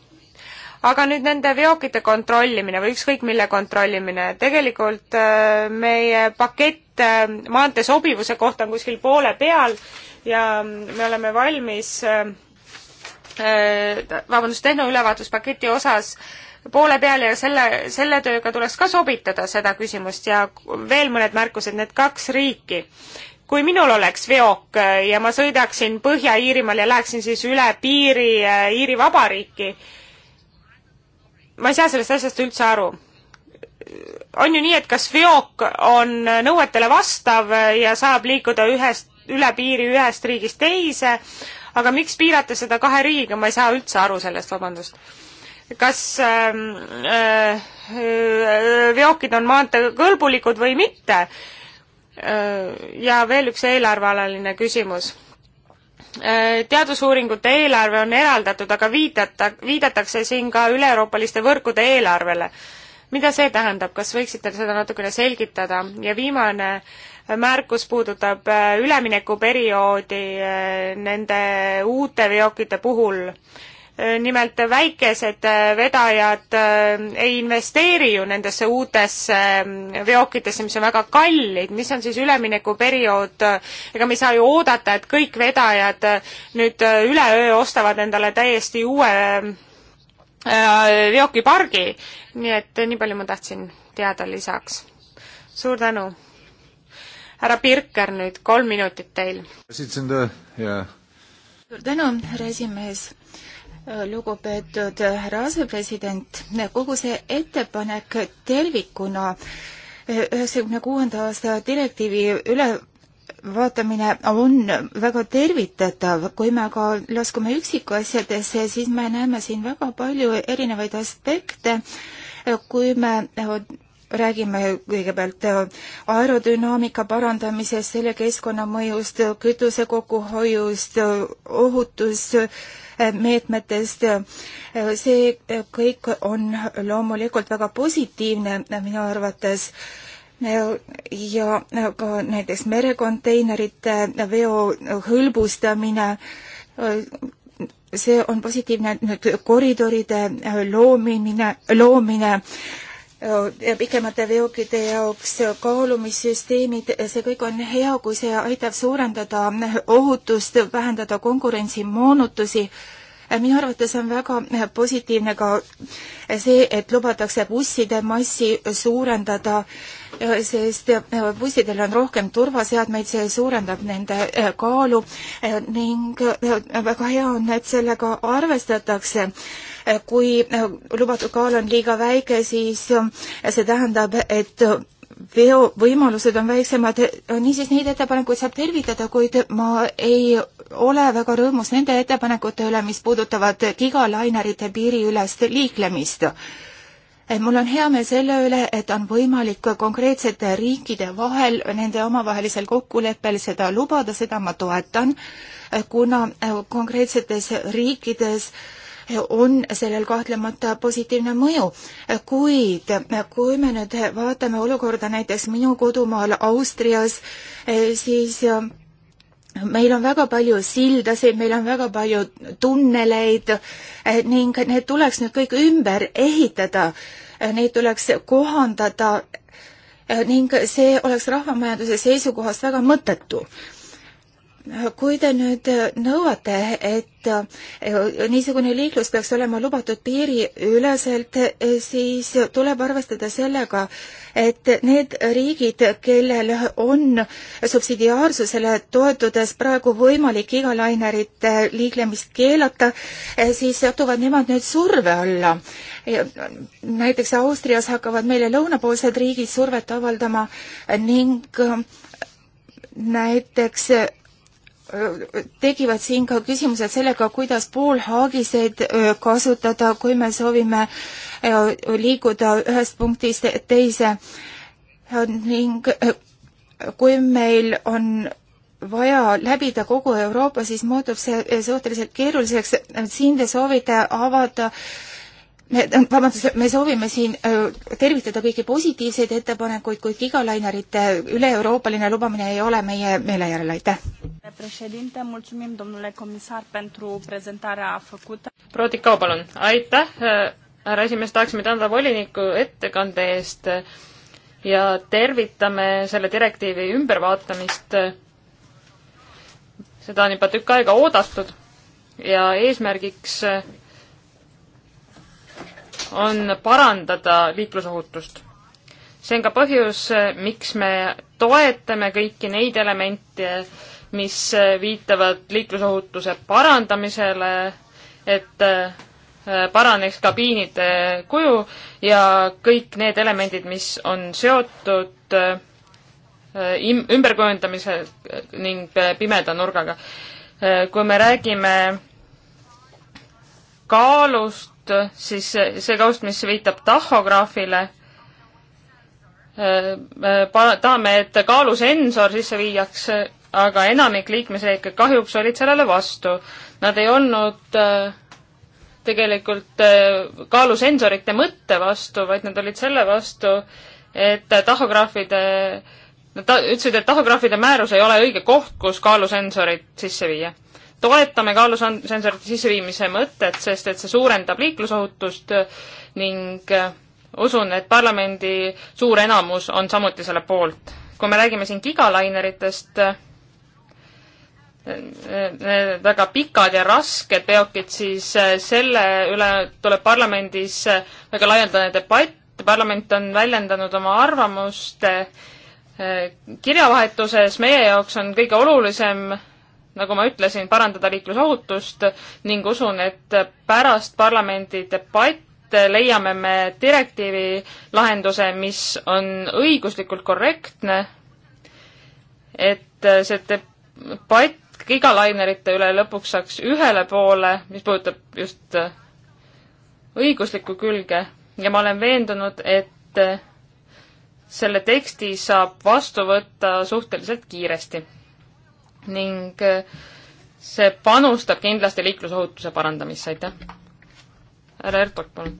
aga nüüd nende veokite kontrollimine või ükskõik mille kontrollimine, tegelikult äh, meie pakett äh, maantee sobivuse kohta on kuskil poole peal ja me oleme valmis äh, äh vabandust, tehnoülevaatuspaketi osas poole peal ja selle, selle tööga tuleks ka sobitada seda küsimust ja veel mõned märkused, need kaks riiki, kui minul oleks veok äh, ja ma sõidaksin Põhja-Iirimaal ja läheksin siis üle piiri äh, Iiri Vabariiki, ma ei saa sellest asjast üldse aru. on ju nii, et kas veok on nõuetele vastav ja saab liikuda ühest, üle piiri ühest riigist teise, aga miks piirata seda kahe riigiga, ma ei saa üldse aru sellest, vabandust kas ähm, äh, äh, veokid on maanteekõlbulikud või mitte. Äh, ja veel üks eelarvealaline küsimus äh, teadusuuringute eelarve on eraldatud, aga viidata, viidatakse siin ka üle-euroopaliste võrkude eelarvele. mida see tähendab, kas võiksite seda natukene selgitada ja viimane märkus puudutab äh, üleminekuperioodi nende uute veokite puhul nimelt väikesed äh, vedajad äh, ei investeeri ju nendesse uutesse äh, veokitesse, mis on väga kallid, mis on siis üleminekuperiood, ega me ei saa ju oodata, et kõik vedajad nüüd üleöö ostavad endale täiesti uue veokipargi, nii et nii palju ma tahtsin teada lisaks. suur tänu! härra Pirker nüüd, kolm minutit teil. Uh, suur tänu, härra esimees lugupeetud härra asepresident, kogu see ettepanek tervikuna eh, üheksakümne kuuenda aasta direktiivi üle vaatamine on väga tervitatav, kui me aga laskume üksikasjadesse, siis me näeme siin väga palju erinevaid aspekte, kui me räägime kõigepealt aerodünaamika parandamisest, selle keskkonnamõjust, kütuse kokkuhoiust, ohutusmeetmetest. see kõik on loomulikult väga positiivne minu arvates ja ka näiteks merekonteinerite veo hõlbustamine, see on positiivne, nüüd koridoride loomine, loomine Äh, ja pikemate veokite jaoks kaalumissüsteemid, äh, see kõik on hea, kui see aitab suurendada äh, ohutust, vähendada konkurentsimoonutusi. minu arvates on väga positiivne ka see, et lubatakse busside massi suurendada, sest bussidel on rohkem turvaseadmeid, see suurendab nende kaalu ning väga hea on, et sellega arvestatakse kui eh, lubatud kaal on liiga väike, siis eh, see tähendab, et veo võimalused on väiksemad, eh, niisiis neid ettepanekuid saab tervitada, kuid ma ei ole väga rõõmus nende ettepanekute üle, mis puudutavad gigalainerite piiriülest liiklemist. mul on hea meel selle üle, et on võimalik konkreetsete riikide vahel nende omavahelisel kokkuleppel seda lubada, seda ma toetan, kuna konkreetsetes riikides äh, on sellel kahtlemata positiivne mõju, kuid kui me nüüd vaatame olukorda näiteks minu kodumaal Austrias, eh, siis eh, meil on väga palju sildasid, meil on väga palju tunneleid eh, ning need tuleks nüüd kõik ümber ehitada, neid tuleks kohandada ning see oleks rahvamajanduse seisukohast väga mõttetu kui te nüüd nõuate, et eh, niisugune liiklus peaks olema lubatud piiriüleselt, eh, siis tuleb arvestada sellega, et need riigid, kellel on subsidiaarsusele toetudes praegu võimalik igalainerite liiklemist keelata, eh, siis satuvad nemad nüüd surve alla. näiteks Austrias hakkavad meile lõunapoolsed riigid survet avaldama ning näiteks tekivad siin ka küsimused sellega, kuidas poolhaagiseid kasutada, kui me soovime liikuda ühest punktist teise ning kui meil on vaja läbida kogu Euroopa, siis muutub see suhteliselt keeruliseks. siin te soovite avada äh, Äh, vabandust, me soovime siin äh, tervitada kõiki positiivseid ettepanekuid, kuid gigalainerite äh, üle-euroopaline lubamine ei ole meie meele järel, aitäh! Prodikao, palun! aitäh, härra esimees, tahaksime tänada voliniku ettekande eest ja tervitame selle direktiivi ümbervaatamist. seda on juba tükk aega oodatud ja eesmärgiks on parandada liiklusohutust. see on ka põhjus, miks me toetame kõiki neid elemente, mis viitavad liiklusohutuse parandamisele, et äh, paraneks kabiinide kuju ja kõik need elemendid, mis on seotud äh, ümberkujundamisel ning äh, pimeda nurgaga. kui me räägime kaalust, siis see kaust, mis viitab tahograafile, äh, äh, tahame, et kaalusensor sisse viiakse, aga enamik liikmesriike kahjuks olid sellele vastu. Nad ei olnud äh, tegelikult kaalusensorite mõtte vastu, vaid nad olid selle vastu, et tahograafide Nad ta-, ütlesid, et tahograafide määrus ei ole õige koht, kus kaalusensorit sisse viia toetame kaalusensorite sisseviimise mõtet, sest et see suurendab liiklusohutust ning äh, usun, et parlamendi suur enamus on samuti selle poolt. kui me räägime siin gigalaineritest, äh, äh, väga pikad ja rasked veokid, siis selle üle tuleb parlamendis väga laialdane debatt, parlament on väljendanud oma arvamust kirjavahetuses, meie jaoks on kõige olulisem nagu ma ütlesin, parandada liiklusohutust ning usun, et pärast parlamendi debatte leiame me direktiivi lahenduse, mis on õiguslikult korrektne, et see debatt gigalainerite üle lõpuks saaks ühele poole, mis puudutab just õiguslikku külge ja ma olen veendunud, et selle teksti saab vastu võtta suhteliselt kiiresti ning äh, see panustab kindlasti liiklusohutuse parandamisse, aitäh. härra Ertog, palun.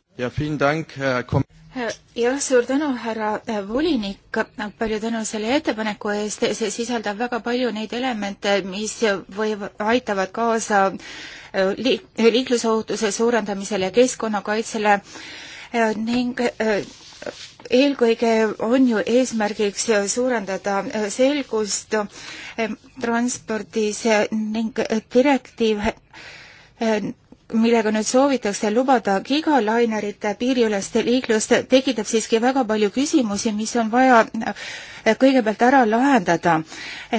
Äh, jah, suur tänu, härra äh, volinik, palju tänu selle ettepaneku eest, see sisaldab väga palju neid elemente, mis võivad, aitavad kaasa liik-, liiklusohutuse suurendamisele ja keskkonnakaitsele ning eelkõige on ju eesmärgiks suurendada selgust eh, transpordis eh, ning eh, direktiiv millega nüüd soovitakse lubada gigalainerite piiriülest liiklust, tekitab siiski väga palju küsimusi, mis on vaja kõigepealt ära lahendada.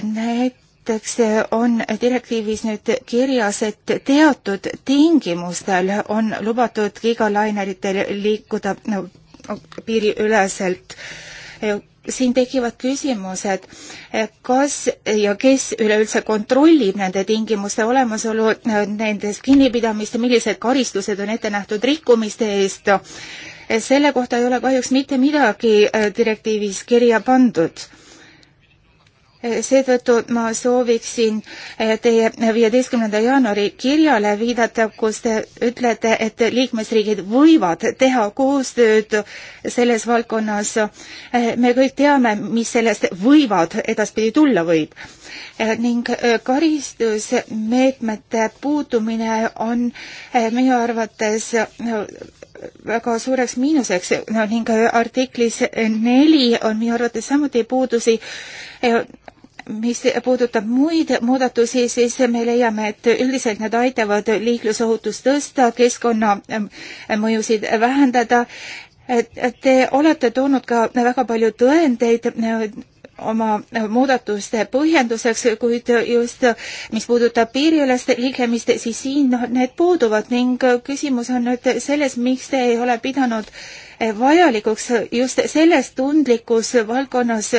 näiteks on direktiivis nüüd kirjas, et teatud tingimustel on lubatud gigalaineritel liikuda no, piiriüleselt. siin tekivad küsimused, kas ja kes üleüldse kontrollib nende tingimuste olemasolu, nendest kinnipidamist ja millised karistused on ette nähtud rikkumiste eest. selle kohta ei ole kahjuks mitte midagi direktiivis kirja pandud seetõttu ma sooviksin eh, teie viieteistkümnenda jaanuari kirjale viidata, kus te ütlete, et liikmesriigid võivad teha koostööd selles valdkonnas. Eh, me kõik teame, mis sellest võivad edaspidi tulla võib eh, ning karistusmeetmete puudumine on minu arvates väga suureks miinuseks no, ning artiklis neli on minu arvates samuti puudusi mis puudutab muid muudatusi, siis me leiame, et üldiselt need aitavad liiklusohutust tõsta, keskkonnamõjusid ähm, äh, vähendada. Te olete toonud ka väga palju tõendeid äh, oma äh, muudatuste põhjenduseks, kuid just mis puudutab piiriülest liiklemist, siis siin noh, need puuduvad ning küsimus on nüüd selles, miks te ei ole pidanud vajalikuks just selles tundlikus valdkonnas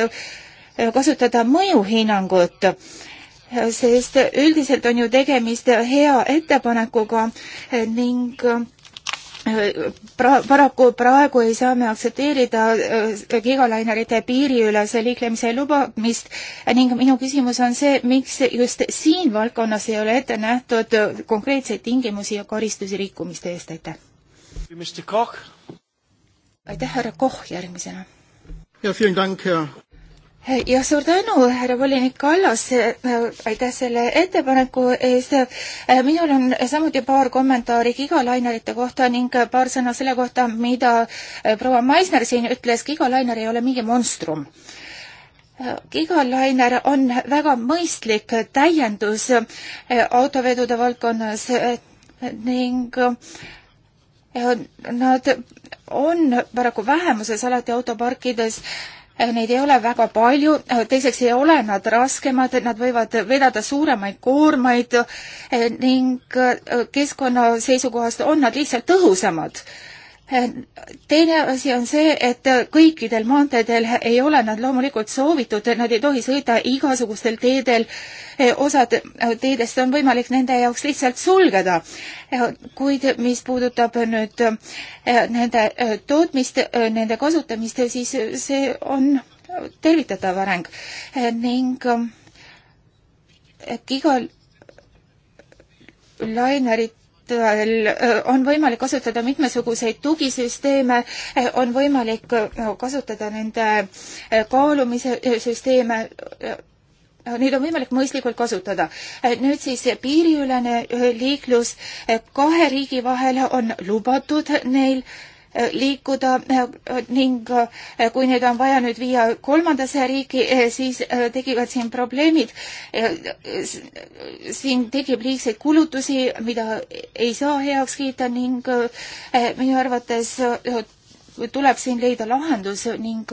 Äh, kasutada mõjuhinnangut äh, sest üldiselt on ju tegemist hea ettepanekuga äh, ning pra-, paraku praegu ei saa me aktsepteerida gigalainerite piiriülese liiklemise lubamist ning minu küsimus on see, miks just siin valdkonnas ei ole ette nähtud konkreetseid tingimusi ja karistusi rikkumiste eest, aitäh! aitäh, härra Koch järgmisena! jah, suur tänu, härra volinik Kallas, äh, aitäh selle ettepaneku eest. Äh, minul on samuti paar kommentaari gigalainerite kohta ning paar sõna selle kohta, mida äh, proua Maisner siin ütles, gigalainer ei ole mingi monstrum. Gigalainer on väga mõistlik täiendus autovedude valdkonnas ning nad on paraku vähemuses alati autoparkides Äh, neid ei ole väga palju, äh, teiseks ei ole nad raskemad, nad võivad vedada suuremaid koormaid äh, ning keskkonna seisukohast on nad lihtsalt tõhusamad Äh, teine asi on see, et äh, kõikidel maanteedel ei ole nad loomulikult soovitud, nad ei tohi sõita igasugustel teedel. Äh, osad teedest on võimalik nende jaoks lihtsalt sulgeda. kuid mis puudutab nüüd nende tootmist, nende kasutamist, siis see on tervitatav areng ning igal lainerit Äh, on võimalik kasutada mitmesuguseid tugisüsteeme, äh, on võimalik äh, kasutada nende kaalumise süsteeme, neid on võimalik mõistlikult kasutada. nüüd siis piiriülene liiklus kahe riigi vahel on lubatud neil liikuda eh, ning eh, kui neid on vaja nüüd viia kolmandasse riiki, eh, siis tekivad siin probleemid. siin tekib liigseid kulutusi, mida ei saa heaks kiita ning minu arvates tuleb siin leida lahendus ning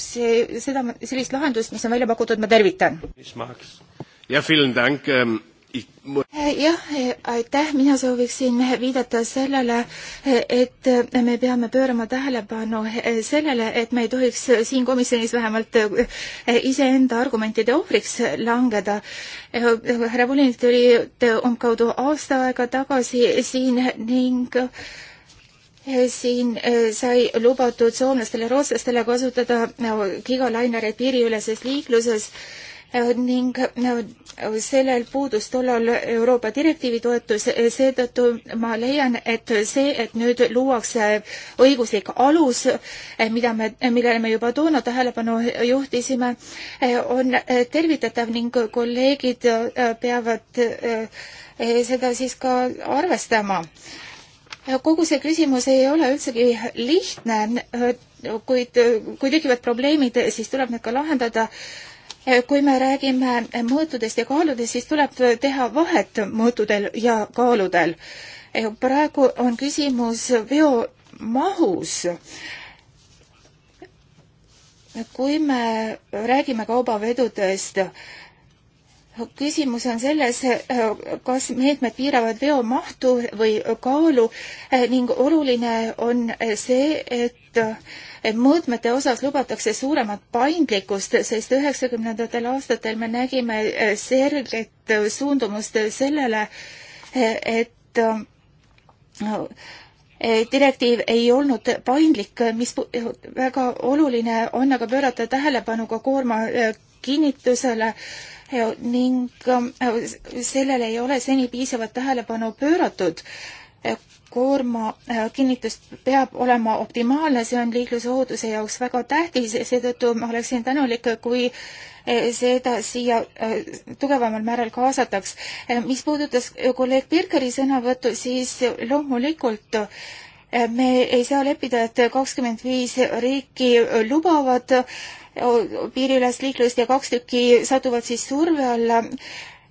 see, seda, sellist lahendust, mis on välja pakutud, ma tervitan. ja, vielen dank ähm jah, aitäh, mina sooviksin viidata sellele, et me peame pöörama tähelepanu sellele, et me ei tohiks siin komisjonis vähemalt iseenda argumentide ohvriks langeda. härra volinik tuli umbkaudu aasta aega tagasi siin ning siin sai lubatud soomlastele, rootslastele kasutada gigalainereid piiriüleses liikluses ning äh, sellel puudus tollal Euroopa direktiivi toetus, seetõttu ma leian, et see, et nüüd luuakse õiguslik alus, äh, mida me, millele me juba toona tähelepanu juhtisime, äh, on tervitatav ning kolleegid peavad seda siis ka arvestama kogu see küsimus ei ole üldsegi lihtne, kuid kui tekivad probleemid, siis tuleb need ka lahendada kui me räägime mõõtudest ja kaaludest, siis tuleb teha vahet mõõtudel ja kaaludel. praegu on küsimus veo mahus. kui me räägime kaubavedudest, küsimus on selles, kas meetmed piiravad veo mahtu või kaalu ning oluline on see, et mõõtmete osas lubatakse suuremat paindlikkust, sest üheksakümnendatel aastatel me nägime eh, selget eh, suundumust sellele, eh, et direktiiv ei olnud paindlik, mis väga oluline on aga pöörata tähelepanu ka koorma kinnitusele ning sellele ei ole seni piisavat tähelepanu pööratud koorma äh, kinnitus peab olema optimaalne, see on liiklusohutuse jaoks väga tähtis ja seetõttu ma oleksin tänulik, kui äh, seda siia äh, tugevamal määral kaasataks. mis puudutas kolleeg Birkeri sõnavõttu, siis loomulikult me ei saa leppida, et kakskümmend viis riiki lubavad piiriülest liiklust ja kaks tükki satuvad siis surve alla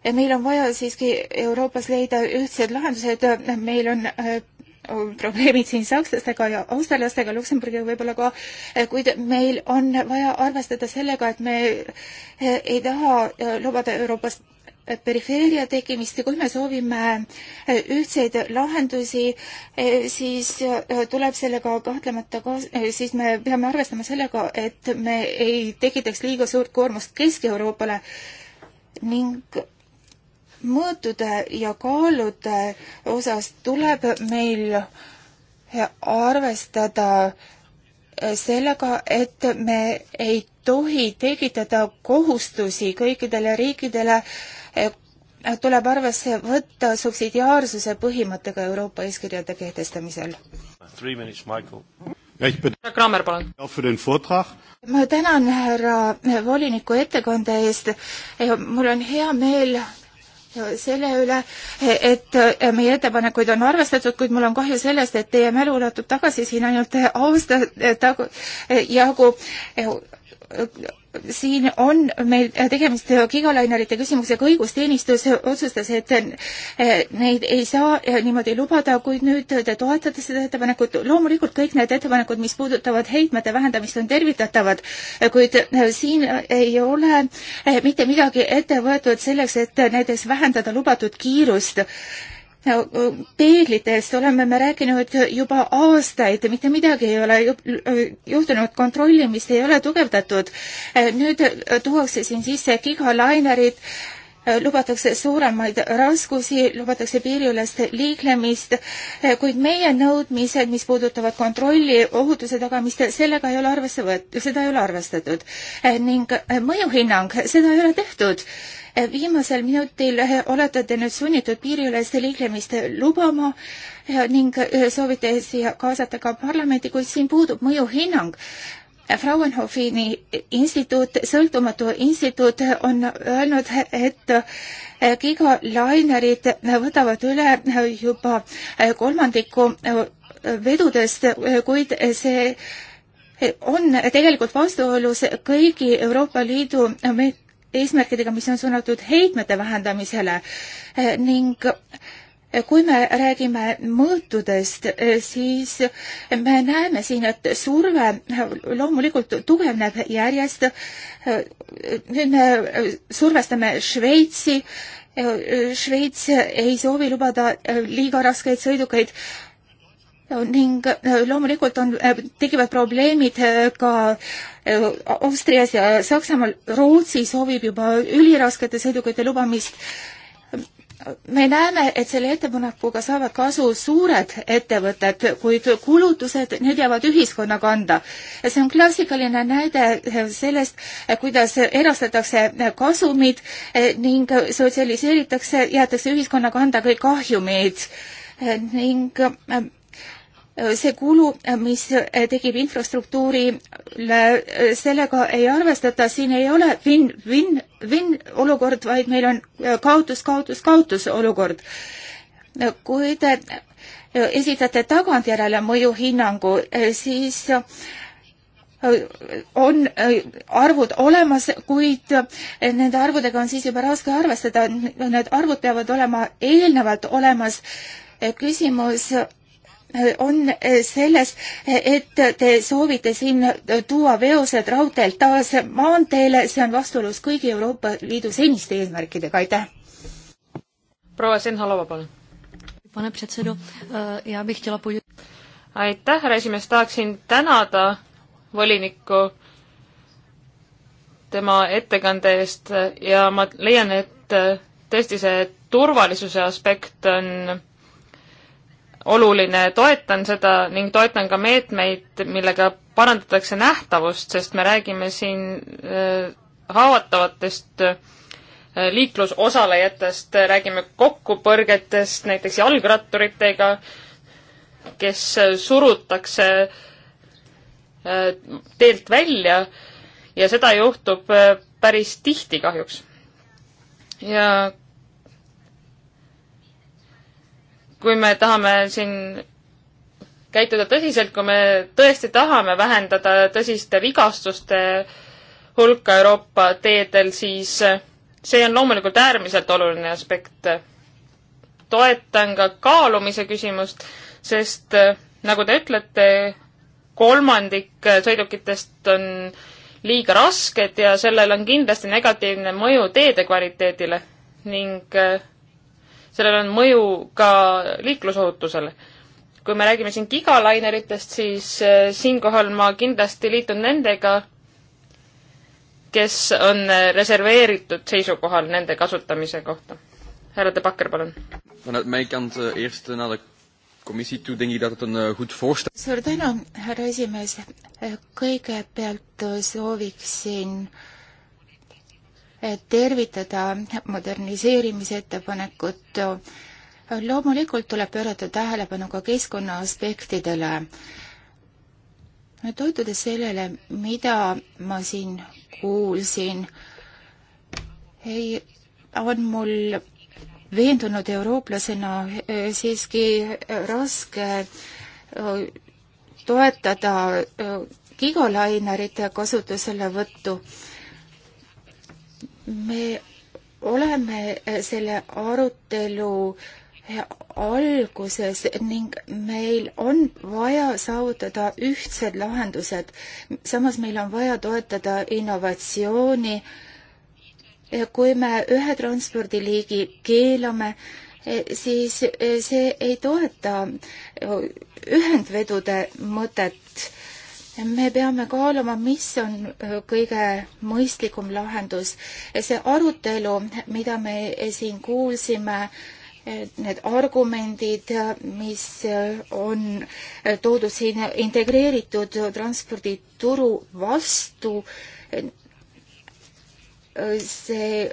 et meil on vaja siiski Euroopas leida ühtsed lahendused, meil on äh, probleemid siin sakslastega ja austerlastega, Luksemburgiga võib-olla ka, äh, kuid meil on vaja arvestada sellega, et me äh, ei taha lubada Euroopast perifeeria tekkimist ja kui me soovime ühtseid lahendusi, siis tuleb sellega kahtlemata ka, siis me peame arvestama sellega, et me ei tekitaks liiga suurt koormust Kesk-Euroopale ning mõõtude ja kaalude osas tuleb meil arvestada sellega, et me ei tohi tekitada kohustusi kõikidele riikidele, tuleb arvesse võtta subsidiaarsuse põhimõttega Euroopa eeskirjade kehtestamisel. härra Kraamer, palun. ma tänan härra voliniku ettekande eest. mul on hea meel selle üle, et meie ettepanekuid on arvestatud, kuid mul on kahju sellest, et teie mälu ulatub tagasi siin ainult aasta tagu-, jagu siin on meil äh, tegemist gigalainerite küsimusega, õigusteenistus otsustas, et äh, neid ei saa äh, niimoodi lubada, kuid nüüd te toetate seda ettepanekut, loomulikult kõik need ettepanekud, mis puudutavad heitmete vähendamist, on tervitatavad, kuid siin ei ole mitte midagi ette võetud selleks, et näiteks vähendada lubatud kiirust Äh, peeglitest oleme me rääkinud juba aastaid, mitte midagi ei ole äh, juhtunud, kontrollimist ei ole tugevdatud. Äh, nüüd tuuakse siin sisse gigalainerid, lubatakse suuremaid raskusi, lubatakse piiriülest liiklemist, kuid meie nõudmised, mis puudutavad kontrolli, ohutuse tagamist, sellega ei ole arvesse võetud, seda ei ole arvestatud. ning mõjuhinnang, seda ei ole tehtud viimasel minutil eh, olete te nüüd sunnitud piiriüleste liiklemist lubama eh, ning eh, soovite siia kaasata ka parlamendi, kuid siin puudub mõjuhinnang. Fraunhofini instituut, sõltumatu instituut on öelnud, et gigalainerid võtavad üle juba kolmandiku vedudest, kuid see on tegelikult vastuolus kõigi Euroopa Liidu eesmärkidega, mis on suunatud heitmete vähendamisele eh, ning eh, kui me räägime mõõtudest, eh, siis me näeme siin, et surve loomulikult tugevneb järjest. nüüd me survestame Šveitsi Šveits ei soovi lubada liiga raskeid sõidukeid, ning äh, loomulikult on, äh, tekivad probleemid äh, ka Austrias ja Saksamaal, Rootsi soovib juba üliraskete sõidukite lubamist. me näeme, et selle ettepanekuga saavad kasu suured ettevõtted, kuid kulutused, need jäävad ühiskonna kanda. see on klassikaline näide sellest, kuidas erastatakse kasumid ning sotsialiseeritakse, jäetakse ühiskonna kanda kõik kahjumid ning Äh, see kulu, äh, mis äh, tekib infrastruktuurile, sellega ei arvestata, siin ei ole win-win-win olukord, vaid meil on kaotus-kaotus-kaotus olukord. kui te esitate tagantjärele mõjuhinnangu, siis on arvud olemas, kuid nende arvudega on siis juba raske arvestada, need arvud peavad olema eelnevalt olemas. küsimus on eh, selles, eh, et te soovite siin tuua veosed raudteelt taas maanteele, see on vastuolus kõigi Euroopa Liidu seniste eesmärkidega, aitäh! proua Senhalova, palun! pane pretsedu ja Mihkel Abu. aitäh, härra esimees, tahaksin tänada volinikku tema ettekande eest ja ma leian, et tõesti see turvalisuse aspekt on oluline, toetan seda ning toetan ka meetmeid, millega parandatakse nähtavust, sest me räägime siin äh, haavatavatest äh, liiklusosalejatest, räägime kokkupõrgetest näiteks jalgratturitega, kes äh, surutakse teelt välja ja seda juhtub päris tihti kahjuks. ja kui me tahame siin käituda tõsiselt, kui me tõesti tahame vähendada tõsiste vigastuste hulka Euroopa teedel, siis see on loomulikult äärmiselt oluline aspekt. toetan ka kaalumise küsimust, sest nagu te ütlete, kolmandik sõidukitest on liiga rasked ja sellel on kindlasti negatiivne mõju teede kvaliteedile ning äh, sellel on mõju ka liiklusohutusele. kui me räägime siin gigalaineritest, siis eh, siinkohal ma kindlasti liitun nendega, kes on eh, reserveeritud seisukohal nende kasutamise kohta. härra De Bakker, palun. Eh, commissie toe denk ik dat het een goed voorstel is. suur tänu, härra esimees. kõigepealt sooviksin äh, tervitada moderniseerimise ettepanekut. loomulikult tuleb pöörata tähelepanu ka keskkonna aspektidele. toitudes sellele, mida ma siin kuulsin, ei, on mul veendunud eurooplasena e, siiski raske e, toetada e, gigalainerite kasutuselevõttu me oleme eh, selle arutelu eh, alguses ning meil on vaja saavutada ühtsed lahendused. samas meil on vaja toetada innovatsiooni. Eh, kui me ühe transpordiliigi keelame, siis see ei toeta ühendvedude mõtet me peame kaaluma, mis on äh, kõige mõistlikum lahendus. see arutelu, mida me siin kuulsime, äh, need argumendid, mis äh, on toodud siin integreeritud transpordituru vastu, see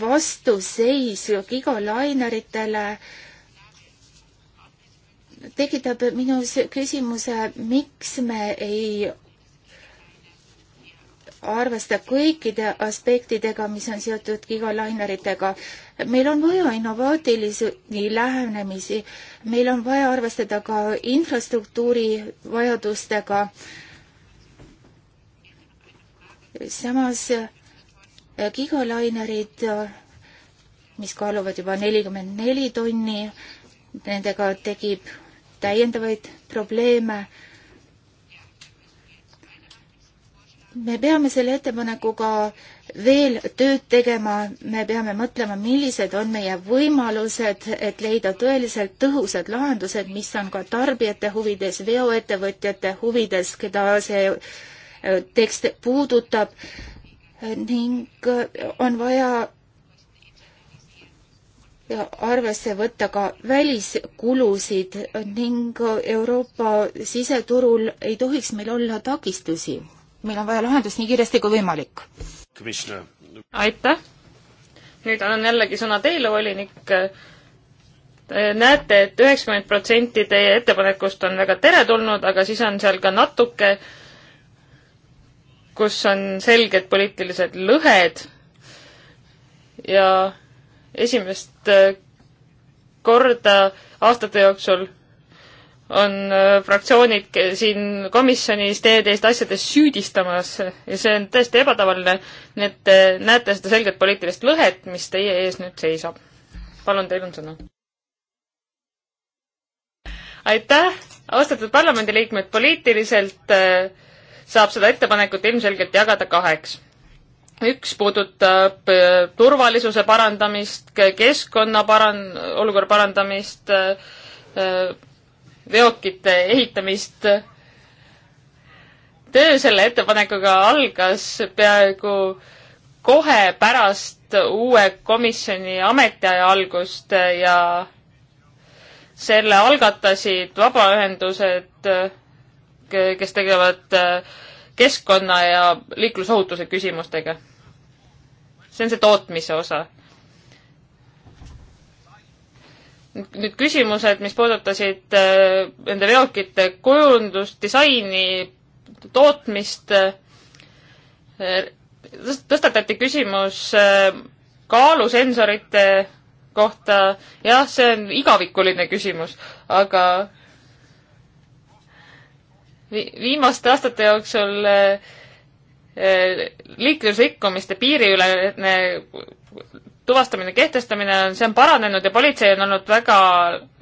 vastuseis gigalaineritele äh, tekitab minus küsimuse, miks me ei arvesta kõikide aspektidega, mis on seotud gigalaineritega. meil on vaja innovaatilisi lähenemisi, meil on vaja arvestada ka infrastruktuuri vajadustega. samas eh, gigalainerid, eh, mis kaaluvad juba nelikümmend neli tonni, nendega tekib täiendavaid probleeme. me peame selle ettepanekuga veel tööd tegema, me peame mõtlema, millised on meie võimalused, et leida tõeliselt tõhusad lahendused, mis on ka tarbijate huvides, veoettevõtjate huvides, keda see äh, tekst puudutab ning äh, on vaja arvesse võtta ka väliskulusid ning Euroopa siseturul ei tohiks meil olla takistusi. meil on vaja lahendust nii kiiresti kui võimalik. aitäh! nüüd annan jällegi sõna teile, volinik. näete et, et üheksakümmend protsenti teie ettepanekust on väga teretulnud, aga siis on seal ka natuke, kus on selged poliitilised lõhed ja esimest äh, korda aastate jooksul on äh, fraktsioonid siin komisjonis teineteist asjades süüdistamas ja see on tõesti ebatavaline, nii et te äh, näete seda selget poliitilist lõhet, mis teie ees nüüd seisab. palun, teil on sõna. aitäh, austatud parlamendiliikmed, poliitiliselt saab seda ettepanekut ilmselgelt jagada kaheks üks puudutab äh, turvalisuse parandamist, keskkonna paran-, olukorra parandamist, äh, äh, veokite ehitamist. töö selle ettepanekuga algas peaaegu kohe pärast uue komisjoni ametiaja algust ja selle algatasid vabaühendused, kes tegevad keskkonna ja liiklusohutuse küsimustega. see on see tootmise osa. nüüd küsimused, mis puudutasid äh, nende veokite kujundust, disaini, tootmist. Äh, tõstatati küsimus äh, kaalusensorite kohta, jah, see on igavikuline küsimus, aga vi-, viimaste aastate jooksul eh, eh, liiklusrikkumiste piiriülene tuvastamine, kehtestamine on, see on paranenud ja politsei on olnud väga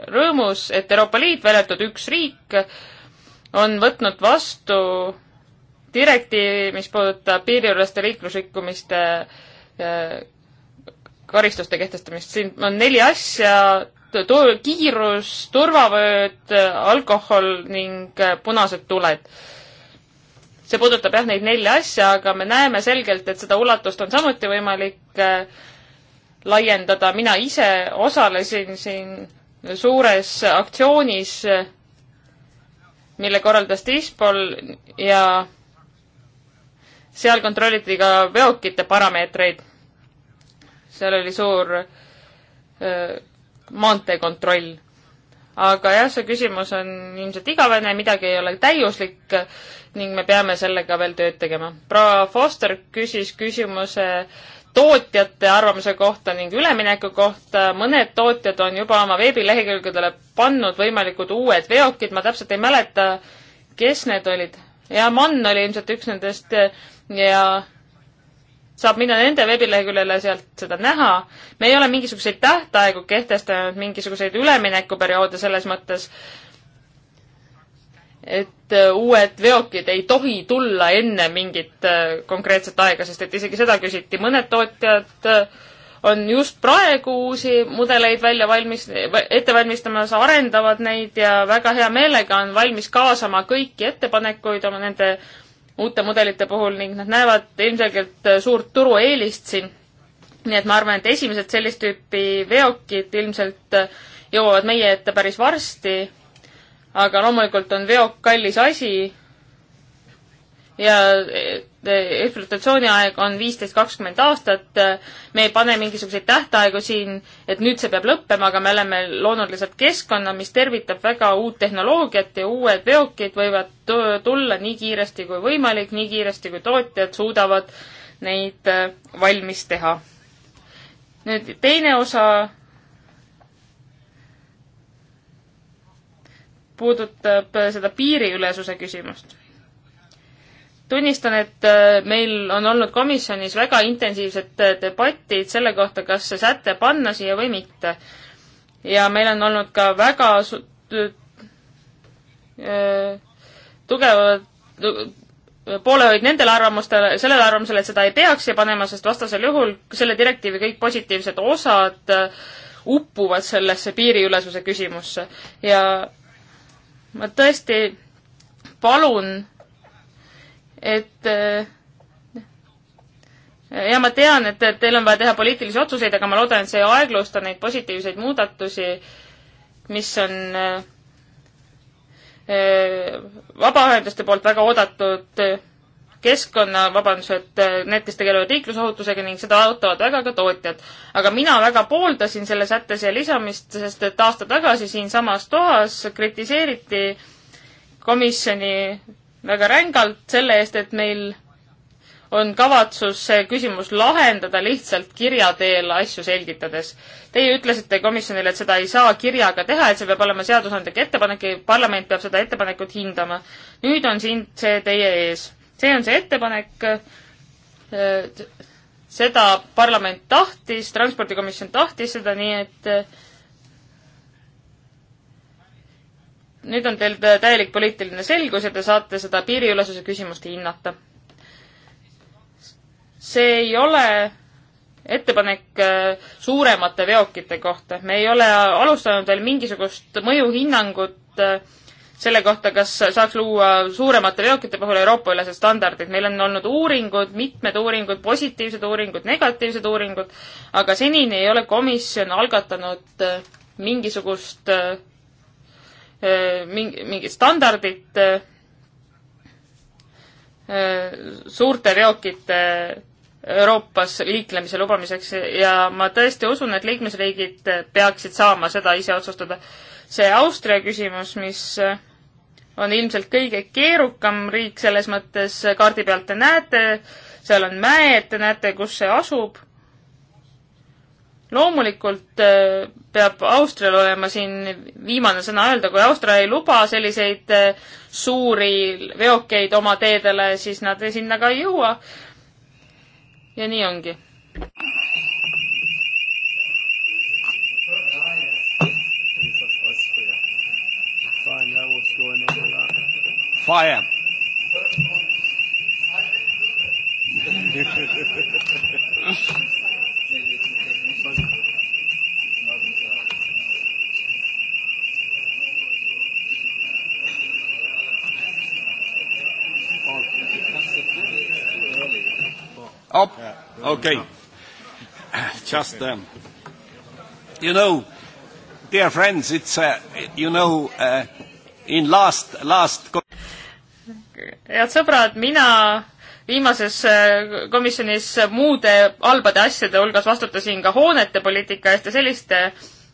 rõõmus, et Euroopa Liit, välja arvatud üks riik, on võtnud vastu direktiivi, mis puudutab piiriüleste liiklusrikkumiste eh, karistuste kehtestamist. siin on neli asja, kiirus, turvavööd, alkohol ning äh, punased tuled. see puudutab jah neid nelja asja, aga me näeme selgelt, et seda ulatust on samuti võimalik äh, laiendada, mina ise osalesin siin suures aktsioonis, mille korraldas Dispol ja seal kontrolliti ka veokite parameetreid. seal oli suur öö, äh, maanteekontroll. aga jah, see küsimus on ilmselt igavene, midagi ei ole täiuslik ning me peame sellega veel tööd tegema. proua Foster küsis küsimuse tootjate arvamuse kohta ning ülemineku kohta. mõned tootjad on juba oma veebilehekülgedele pannud võimalikud uued veokid, ma täpselt ei mäleta, kes need olid. ja Mann oli ilmselt üks nendest ja saab minna nende veebileheküljele sealt seda näha. me ei ole mingisuguseid tähtaegu kehtestanud, mingisuguseid üleminekuperioode selles mõttes, et äh, uued veokid ei tohi tulla enne mingit äh, konkreetset aega, sest et isegi seda küsiti, mõned tootjad äh, on just praegu uusi mudeleid välja valmis, ette valmistamas, arendavad neid ja väga hea meelega on valmis kaasama kõiki ettepanekuid oma nende uute mudelite puhul ning nad näevad ilmselgelt suurt turueelist siin. nii et ma arvan, et esimesed sellist tüüpi veokid ilmselt jõuavad meie ette päris varsti, aga loomulikult on veok kallis asi ja eh, ekspluatatsiooni aeg on viisteist, kakskümmend aastat, me ei pane mingisuguseid tähtaegu siin, et nüüd see peab lõppema, aga me oleme loonud lihtsalt keskkonna, mis tervitab väga uut tehnoloogiat ja uued veokid võivad tulla nii kiiresti kui võimalik, nii kiiresti kui tootjad suudavad neid eh, valmis teha. nüüd teine osa puudutab eh, seda piiriülesuse küsimust tunnistan, et äh, meil on olnud komisjonis väga intensiivsed äh, debatid selle kohta, kas see säte panna siia või mitte. ja meil on olnud ka väga äh, tugevad poolehoid nendele arvamustele, sellele arvamusele, et seda ei peaks siia panema, sest vastasel juhul selle direktiivi kõik positiivsed osad uppuvad sellesse piiriülesuse küsimusse ja ma tõesti palun et äh, ja ma tean, et, et teil on vaja teha poliitilisi otsuseid, aga ma loodan, et see ei aeglusta neid positiivseid muudatusi, mis on äh, äh, vabaühenduste poolt väga oodatud keskkonna, vabandused, need, kes tegelevad liiklusohutusega ning seda ootavad väga ka tootjad. aga mina väga pooldasin selle sätte siia lisamist, sest et aasta tagasi siinsamas toas kritiseeriti komisjoni väga rängalt selle eest, et meil on kavatsus see küsimus lahendada lihtsalt kirja teel asju selgitades. Teie ütlesite komisjonile, et seda ei saa kirjaga teha, et see peab olema seadusandlik ettepanek ja parlament peab seda ettepanekut hindama. nüüd on siin see teie ees. see on see ettepanek, äh, seda parlament tahtis, transpordikomisjon tahtis seda, nii et äh, nüüd on teil täielik poliitiline selgus ja te saate seda piiriülesuse küsimust hinnata. see ei ole ettepanek äh, suuremate veokite kohta. me ei ole alustanud veel mingisugust mõjuhinnangut äh, selle kohta, kas saaks luua suuremate veokite puhul Euroopa-ülesed standardid. meil on olnud uuringud, mitmed uuringud, positiivsed uuringud, negatiivsed uuringud, aga senini ei ole komisjon algatanud äh, mingisugust Äh, mingi, mingit standardit äh, äh, suurte reokite Euroopas liiklemise lubamiseks ja ma tõesti usun, et liikmesriigid peaksid saama seda ise otsustada. see Austria küsimus, mis on ilmselt kõige keerukam riik selles mõttes, kaardi pealt te näete, seal on mäed, te näete, kus see asub. loomulikult peab Austrial olema siin viimane sõna öelda, kui Austria ei luba selliseid äh, suuri veokeid oma teedele, siis nad sinna ka ei jõua. ja nii ongi. Fire. <laughs> Up. Okay. Just, um, you know, dear friends, it's, uh, you know, uh, in last, last. head sõbrad, mina viimases äh, komisjonis muude halbade asjade hulgas vastutasin ka hoonete poliitika eest ja selliste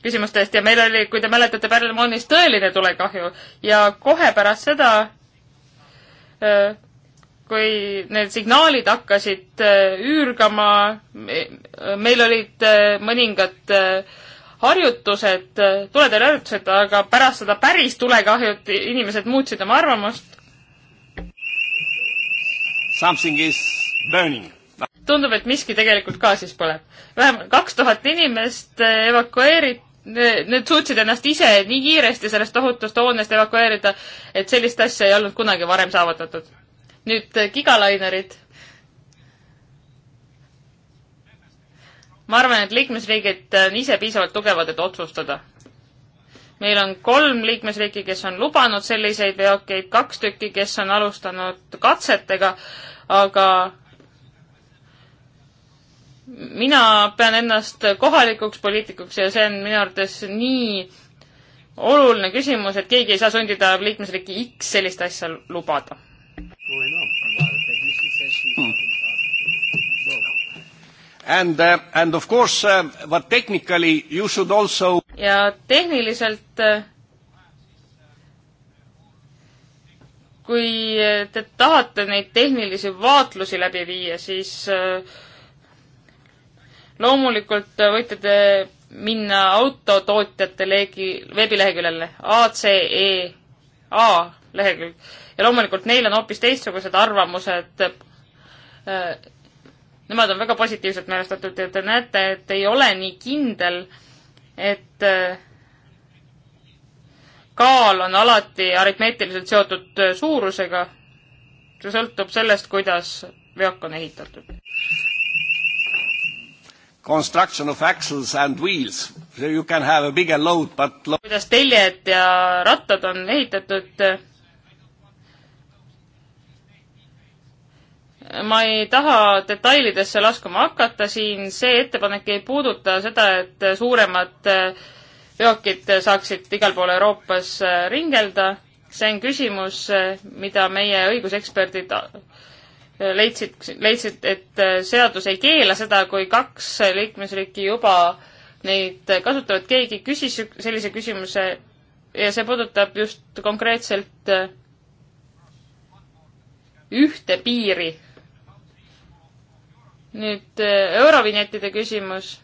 küsimuste eest ja meil oli, kui te mäletate, Pärlemoonis tõeline tulekahju ja kohe pärast seda öö, äh, kui need signaalid hakkasid äh, üürgama, meil olid äh, mõningad äh, harjutused, tuletõrjeharjutused, aga pärast seda päris tulekahjut inimesed muutsid oma arvamust. Something is burning. tundub, et miski tegelikult ka siis põleb. vähemalt kaks tuhat inimest evakueeriti Need suutsid ennast ise nii kiiresti sellest tohutust hoonest evakueerida, et sellist asja ei olnud kunagi varem saavutatud nüüd äh, gigalainerid. ma arvan, et liikmesriigid äh, on ise piisavalt tugevad, et otsustada. meil on kolm liikmesriiki, kes on lubanud selliseid veokeid, kaks tükki, kes on alustanud katsetega, aga mina pean ennast kohalikuks poliitikuks ja see on minu arvates nii oluline küsimus, et keegi ei saa sundida liikmesriiki X sellist asja lubada Hmm. And, uh, and of course uh, what technically you should also ja tehniliselt äh, kui te tahate neid tehnilisi vaatlusi läbi viia, siis äh, loomulikult äh, võite te minna autotootjate leegi, veebileheküljele ACEA lehekülg. ja loomulikult neil on hoopis teistsugused arvamused. Äh, nemad on väga positiivselt meelestatud ja te näete, et ei ole nii kindel, et äh, kaal on alati aritmeetiliselt seotud äh, suurusega. see sõltub sellest, kuidas veok on ehitatud. Construction of axles and wheels. You can have a bigger load but kuidas teljed ja rattad on ehitatud ma ei taha detailidesse laskuma hakata siin, see ettepanek ei puuduta seda, et suuremad eh, veokid saaksid igal pool Euroopas eh, ringelda. see on küsimus, eh, mida meie õiguseksperdid leidsid, leidsid, et seadus ei keela seda, kui kaks liikmesriiki juba neid kasutavad. keegi küsis sellise küsimuse ja see puudutab just konkreetselt ühte piiri nüüd äh, Eurovinjettide küsimus